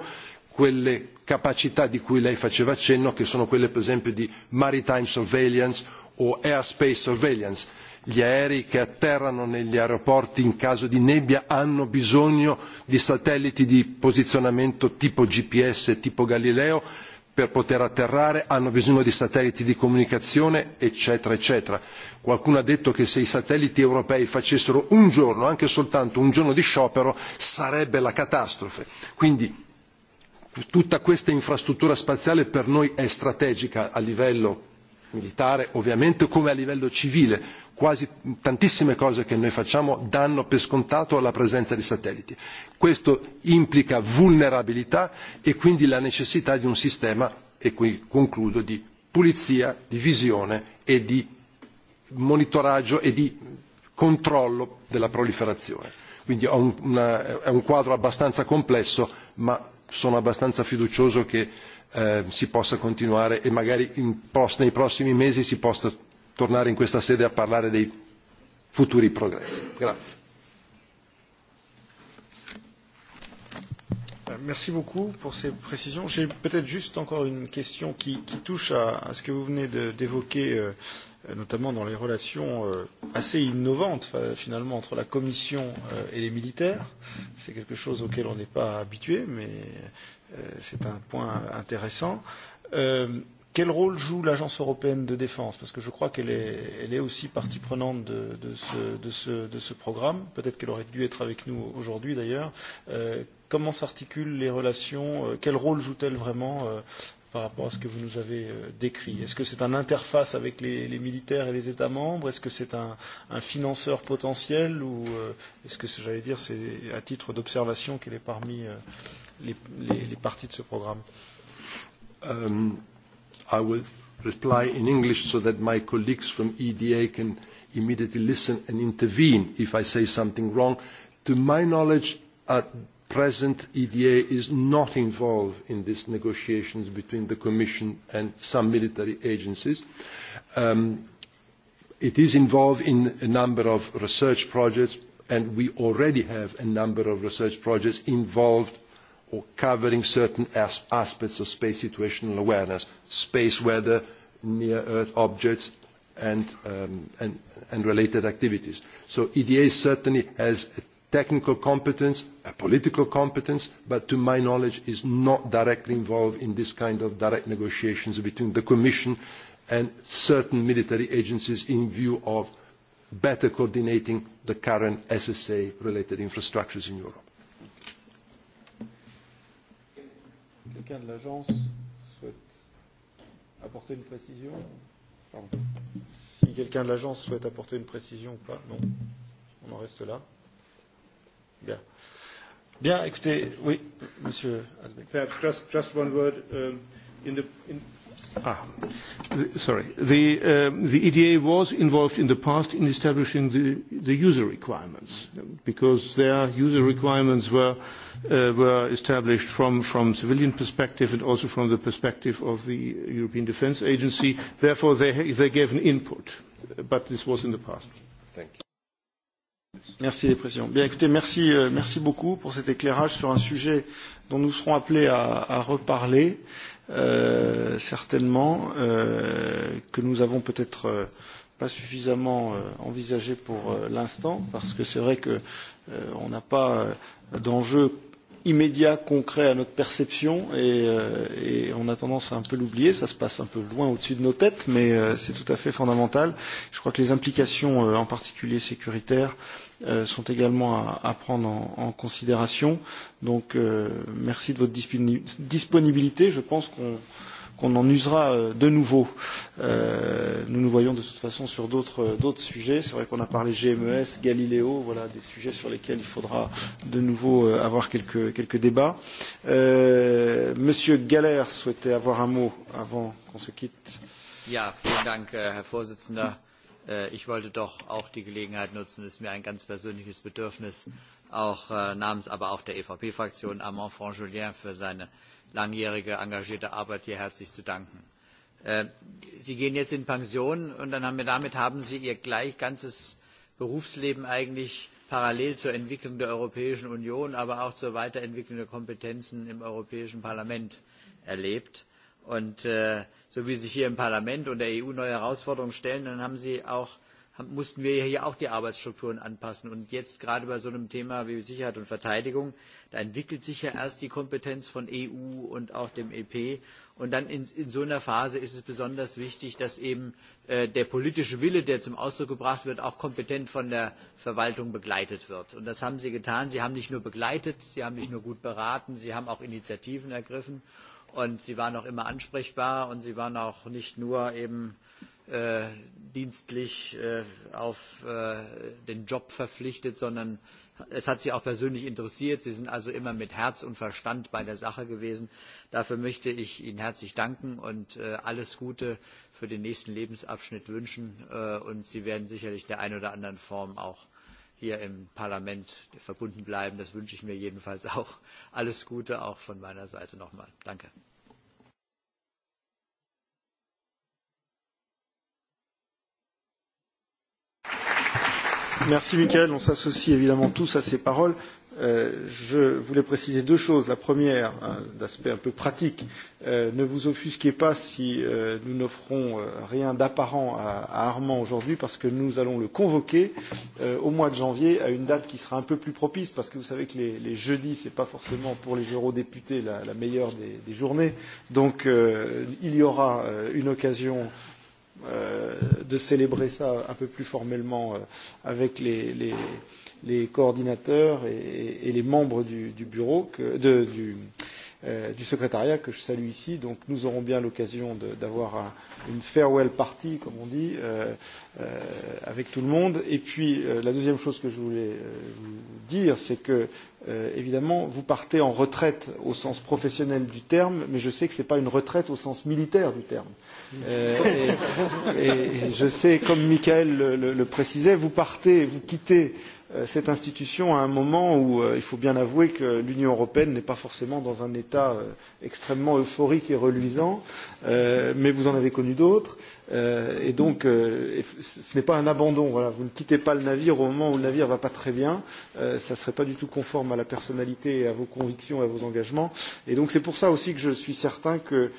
quelle capacità di cui lei faceva accenno, che sono quelle per esempio di maritime surveillance o airspace surveillance gli aerei che atterrano negli aeroporti in caso di nebbia hanno bisogno di satelliti di posizionamento tipo GPS, tipo Galileo per poter atterrare, hanno bisogno di satelliti di comunicazione, eccetera, eccetera. Qualcuno ha detto che se i satelliti europei facessero un giorno, anche soltanto un giorno di sciopero, sarebbe la catastrofe. Quindi tutta questa infrastruttura spaziale per noi è strategica a livello militare ovviamente come a livello civile quasi tantissime cose che noi facciamo danno per scontato la presenza di satelliti. Questo implica vulnerabilità e quindi la necessità di un sistema, e qui concludo, di pulizia, di visione e di monitoraggio e di controllo della proliferazione. Quindi è un, una, è un quadro abbastanza complesso, ma sono abbastanza fiducioso che eh, si possa continuare e magari in, nei prossimi mesi si possa tornare in questa sede a parlare dei futuri progressi. Grazie. Euh, merci beaucoup pour ces précisions. J'ai peut-être juste encore une question qui, qui touche à, à ce que vous venez d'évoquer, euh, notamment dans les relations euh, assez innovantes finalement entre la Commission euh, et les militaires. C'est quelque chose auquel on n'est pas habitué, mais euh, c'est un point intéressant. Euh, Quel rôle joue l'Agence européenne de défense Parce que je crois qu'elle est, elle est aussi partie prenante de, de, ce, de, ce, de ce programme. Peut-être qu'elle aurait dû être avec nous aujourd'hui d'ailleurs. Euh, comment s'articulent les relations euh, Quel rôle joue-t-elle vraiment euh, par rapport à ce que vous nous avez euh, décrit Est-ce que c'est un interface avec les, les militaires et les États membres Est-ce que c'est un, un financeur potentiel Ou euh, est-ce que, j'allais dire, c'est à titre d'observation qu'elle est parmi euh, les, les, les parties de ce programme euh... I will reply in English so that my colleagues from EDA can immediately listen and intervene if I say something wrong. To my knowledge, at present, EDA is not involved in these negotiations between the Commission and some military agencies. Um, it is involved in a number of research projects, and we already have a number of research projects involved or covering certain as aspects of space situational awareness, space weather, near-Earth objects, and, um, and, and related activities. So EDA certainly has a technical competence, a political competence, but to my knowledge is not directly involved in this kind of direct negotiations between the Commission and certain military agencies in view of better coordinating the current SSA-related infrastructures in Europe. quelqu'un de l'agence souhaite apporter une précision Pardon. Si quelqu'un de l'agence souhaite apporter une précision ou pas, non. On en reste là. Bien. Bien, écoutez, oui, monsieur Perhaps just, just one word. Um, in the, in, Ah. the, sorry. The, um, the EDA was involved in the past in establishing the, the user requirements because their user requirements were, uh, were established from, from civilian perspective and also from the perspective of the European Defence Agency. Therefore, they, they gave an input, but this was in the past. Bien, écoutez, merci, euh, merci beaucoup pour cet éclairage sur un sujet dont nous serons appelés à, à reparler Euh, certainement euh, que nous avons peut-être euh, pas suffisamment euh, envisagé pour euh, l'instant, parce que c'est vrai qu'on euh, n'a pas euh, d'enjeu immédiat, concret à notre perception et, euh, et on a tendance à un peu l'oublier. Ça se passe un peu loin au-dessus de nos têtes, mais euh, c'est tout à fait fondamental. Je crois que les implications, euh, en particulier sécuritaires, Euh, sont également à, à prendre en, en considération. Donc euh, merci de votre disponibilité. Je pense qu'on en usera euh, de nouveau. Euh, nous nous voyons de toute façon sur d'autres euh, sujets. C'est vrai qu'on a parlé GMES, Galiléo, voilà des sujets sur lesquels il faudra de nouveau avoir quelques, quelques débats. Euh, Monsieur Galère souhaitait avoir un mot avant qu'on se quitte. Ja, vielen Dank, Herr Vorsitzender. Äh, ich wollte doch auch die Gelegenheit nutzen, es ist mir ein ganz persönliches Bedürfnis, auch äh, namens aber auch der EVP-Fraktion Armand Franjulien für seine langjährige engagierte Arbeit hier herzlich zu danken. Äh, Sie gehen jetzt in Pension und dann haben wir, damit haben Sie Ihr gleich ganzes Berufsleben eigentlich parallel zur Entwicklung der Europäischen Union, aber auch zur Weiterentwicklung der Kompetenzen im Europäischen Parlament erlebt Und äh, so wie Sie sich hier im Parlament und der EU neue Herausforderungen stellen, dann haben Sie auch, haben, mussten wir hier auch die Arbeitsstrukturen anpassen. Und jetzt gerade bei so einem Thema wie Sicherheit und Verteidigung, da entwickelt sich ja erst die Kompetenz von EU und auch dem EP. Und dann in, in so einer Phase ist es besonders wichtig, dass eben äh, der politische Wille, der zum Ausdruck gebracht wird, auch kompetent von der Verwaltung begleitet wird. Und das haben Sie getan. Sie haben nicht nur begleitet, Sie haben nicht nur gut beraten, Sie haben auch Initiativen ergriffen. Und sie waren auch immer ansprechbar und sie waren auch nicht nur eben äh, dienstlich äh, auf äh, den Job verpflichtet, sondern es hat sie auch persönlich interessiert. Sie sind also immer mit Herz und Verstand bei der Sache gewesen. Dafür möchte ich Ihnen herzlich danken und äh, alles Gute für den nächsten Lebensabschnitt wünschen. Äh, und Sie werden sicherlich der einen oder anderen Form auch hier im Parlament verbunden bleiben. Das wünsche ich mir jedenfalls auch. Alles Gute auch von meiner Seite nochmal. Danke. Merci Michael, on s'associe évidemment tous à ces paroles. Euh, je voulais préciser deux choses. La première, d'aspect un peu pratique, euh, ne vous offusquez pas si euh, nous n'offrons rien d'apparent à, Armand aujourd'hui, parce que nous allons le convoquer au mois de janvier à une date qui sera un peu plus propice, parce que vous savez que les, les jeudis, ce n'est pas forcément pour les eurodéputés la, la meilleure des, des, journées. Donc il y aura une occasion de célébrer ça un peu plus formellement avec les, les les coordinateurs et, et les membres du, du bureau que, de, du, euh, du secrétariat que je salue ici. Donc nous aurons bien l'occasion d'avoir un, une farewell party, comme on dit, euh, euh, avec tout le monde. Et puis euh, la deuxième chose que je voulais euh, vous dire, c'est que euh, évidemment vous partez en retraite au sens professionnel du terme, mais je sais que ce n'est pas une retraite au sens militaire du terme. Euh, et, et, et je sais, comme Michael le, le, le précisait, vous partez, vous quittez euh, Euh, cette institution à un moment où euh, il faut bien avouer que l'Union européenne n'est pas forcément dans un état euh, extrêmement euphorique et reluisant, mais vous en avez connu d'autres. et donc, ce n'est pas un abandon. Voilà. Vous ne quittez pas le navire au moment où le navire ne va pas très bien. Euh, ça ne serait pas du tout conforme à la personnalité, à vos convictions et à vos engagements. Et donc, c'est pour ça aussi que je suis certain que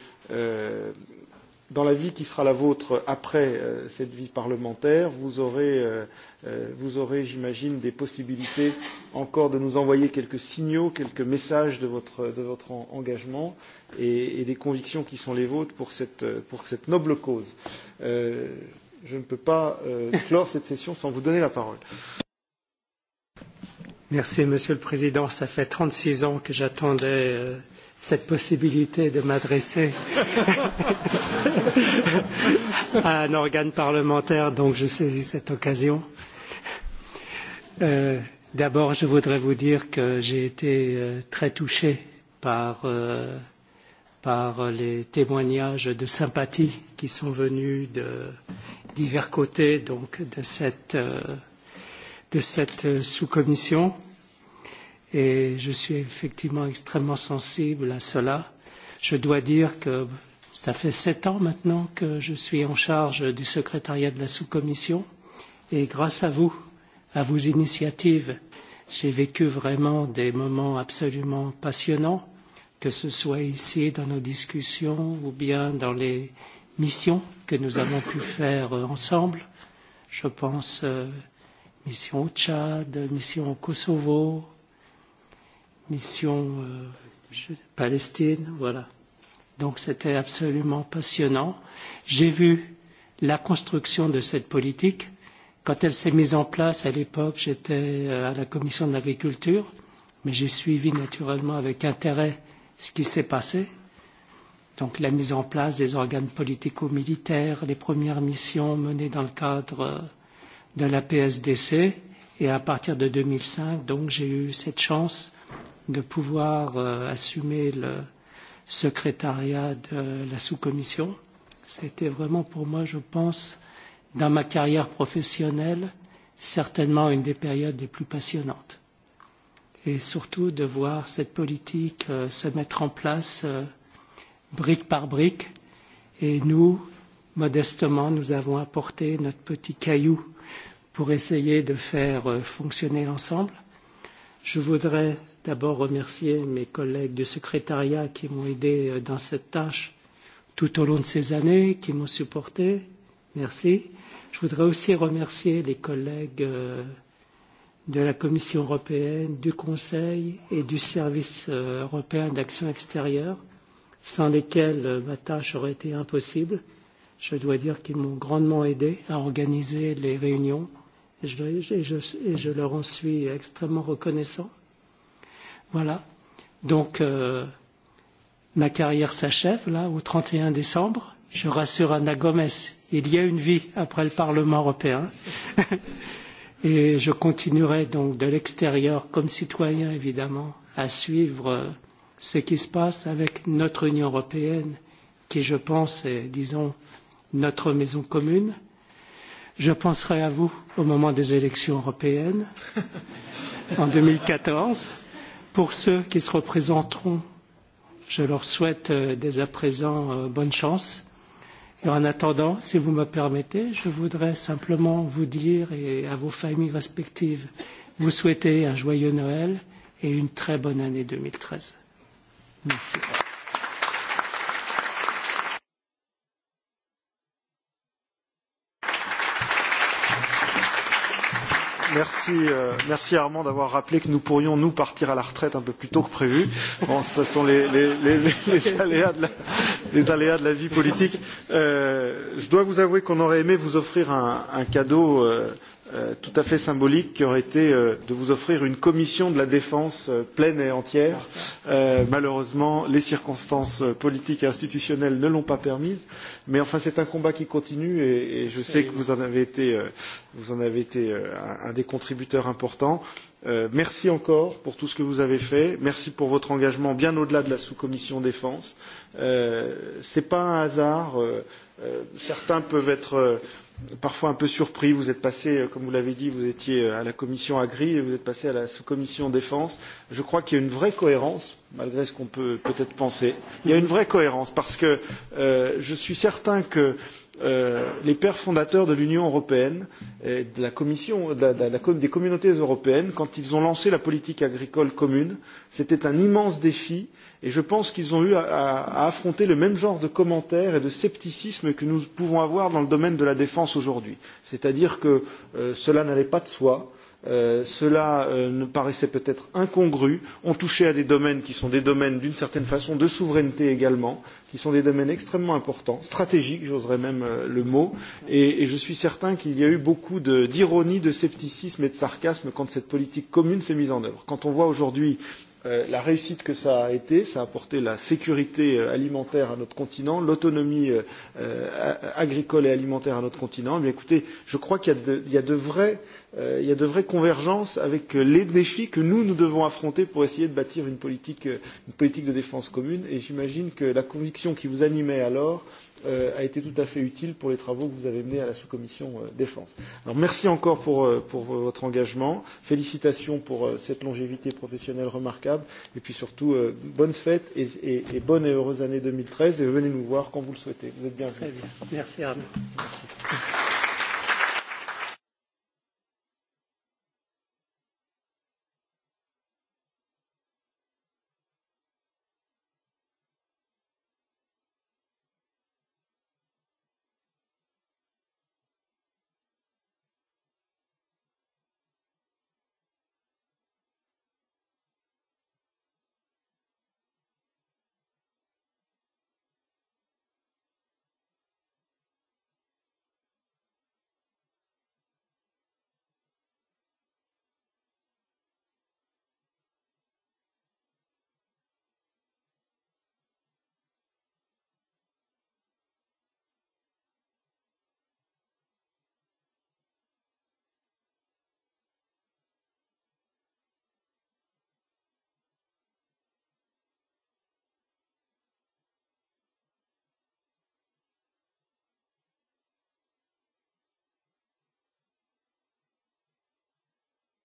dans la vie qui sera la vôtre après euh, cette vie parlementaire, vous aurez, euh, euh aurez j'imagine, des possibilités encore de nous envoyer quelques signaux, quelques messages de votre, de votre engagement et, et des convictions qui sont les vôtres pour cette, pour cette noble cause. Euh, je ne peux pas euh, clore cette session sans vous donner la parole. Merci, Monsieur le Président. Ça fait 36 ans que j'attendais euh, cette possibilité de m'adresser. à un organe parlementaire, donc je saisis cette occasion. Euh, D'abord, je voudrais vous dire que j'ai été euh, très touché par, euh, par les témoignages de sympathie qui sont venus de divers côtés donc, de cette, euh, de cette euh, sous-commission. Et je suis effectivement extrêmement sensible à cela. Je dois dire que Ça fait sept ans maintenant que je suis en charge du secrétariat de la sous-commission et grâce à vous, à vos initiatives, j'ai vécu vraiment des moments absolument passionnants, que ce soit ici dans nos discussions ou bien dans les missions que nous avons pu faire ensemble. Je pense euh, mission au Tchad, mission au Kosovo, mission euh, Palestine, voilà. Donc c'était absolument passionnant. J'ai vu la construction de cette politique. Quand elle s'est mise en place, à l'époque, j'étais euh, à la commission de l'agriculture, mais j'ai suivi naturellement avec intérêt ce qui s'est passé. Donc la mise en place des organes politico-militaires, les premières missions menées dans le cadre euh, de la PSDC. Et à partir de 2005, donc, j'ai eu cette chance de pouvoir euh, assumer le, secrétariat de la sous-commission. C'était vraiment pour moi, je pense, dans ma carrière professionnelle, certainement une des périodes les plus passionnantes. Et surtout de voir cette politique euh, se mettre en place euh, brique par brique. Et nous, modestement, nous avons apporté notre petit caillou pour essayer de faire euh, fonctionner l'ensemble. Je voudrais d'abord remercier mes collègues du secrétariat qui m'ont aidé euh, dans cette tâche tout au long de ces années, qui m'ont supporté. Merci. Je voudrais aussi remercier les collègues euh, de la Commission européenne, du Conseil et du Service euh, européen d'action extérieure, sans lesquels ma tâche aurait été impossible. Je dois dire qu'ils m'ont grandement aidé à organiser les réunions et je, et je, et je leur en suis extrêmement reconnaissant. Voilà. Donc, euh, ma carrière s'achève, là, au 31 décembre. Je rassure Anna Gomes, il y a une vie après le Parlement européen. Et je continuerai donc de l'extérieur, comme citoyen évidemment, à suivre euh, ce qui se passe avec notre Union européenne, qui je pense est, disons, notre maison commune. Je penserai à vous au moment des élections européennes en deux mille quatorze Pour ceux qui se représenteront, je leur souhaite euh, dès à présent euh, bonne chance. Et en attendant, si vous me permettez, je voudrais simplement vous dire et à vos familles respectives, vous souhaiter un joyeux Noël et une très bonne année 2013. Merci. Merci, euh, merci Armand d'avoir rappelé que nous pourrions nous partir à la retraite un peu plus tôt que prévu. Bon, ce sont les, les, les, les, aléas, de la, les aléas de la vie politique. Euh, je dois vous avouer qu'on aurait aimé vous offrir un, un cadeau. Euh, Euh, tout à fait symbolique qui aurait été euh, de vous offrir une commission de la défense euh, pleine et entière. Euh, malheureusement, les circonstances politiques et institutionnelles ne l'ont pas permise. Mais enfin, c'est un combat qui continue et, et je sais que vous en avez été, vous en avez été un, un des contributeurs importants. Euh, merci encore pour tout ce que vous avez fait. Merci pour votre engagement bien au-delà de la sous-commission défense. Euh, ce n'est pas un hasard. certains peuvent être parfois un peu surpris. Vous êtes passé, euh, comme vous l'avez dit, vous étiez euh, à la commission Agri et vous êtes passé à la sous-commission Défense. Je crois qu'il y a une vraie cohérence, malgré ce qu'on peut peut-être penser. Il y a une vraie cohérence parce que euh, je suis certain que Euh, les pères fondateurs de l'Union européenne, et de la Commission, de la, de la, des communautés européennes, quand ils ont lancé la politique agricole commune, c'était un immense défi et je pense qu'ils ont eu à, à, affronter le même genre de commentaires et de scepticisme que nous pouvons avoir dans le domaine de la défense aujourd'hui. C'est-à-dire que euh, cela n'allait pas de soi, Euh, cela euh, ne paraissait peut-être incongru, ont touché à des domaines qui sont des domaines d'une certaine façon de souveraineté également, qui sont des domaines extrêmement importants, stratégiques, j'oserais même euh, le mot, et, et, je suis certain qu'il y a eu beaucoup d'ironie, de, de, scepticisme et de sarcasme quand cette politique commune s'est mise en œuvre. Quand on voit aujourd'hui euh, la réussite que cela a été, cela a apporté la sécurité euh, alimentaire à notre continent, l'autonomie agricole et alimentaire à notre continent. Mais eh écoutez, je crois qu'il y, y, a de vraies Euh, il y a de vraies convergences avec euh, les défis que nous, nous devons affronter pour essayer de bâtir une politique, euh, une politique de défense commune. Et j'imagine que la conviction qui vous animait alors euh, a été tout à fait utile pour les travaux que vous avez menés à la sous-commission euh, défense. Alors merci encore pour, euh, pour votre engagement. Félicitations pour euh, cette longévité professionnelle remarquable. Et puis surtout, euh, bonne fête et, et, et bonne et heureuse année 2013. Et venez nous voir quand vous le souhaitez. Vous êtes bienvenue. Très bien. Merci Arnaud. Merci.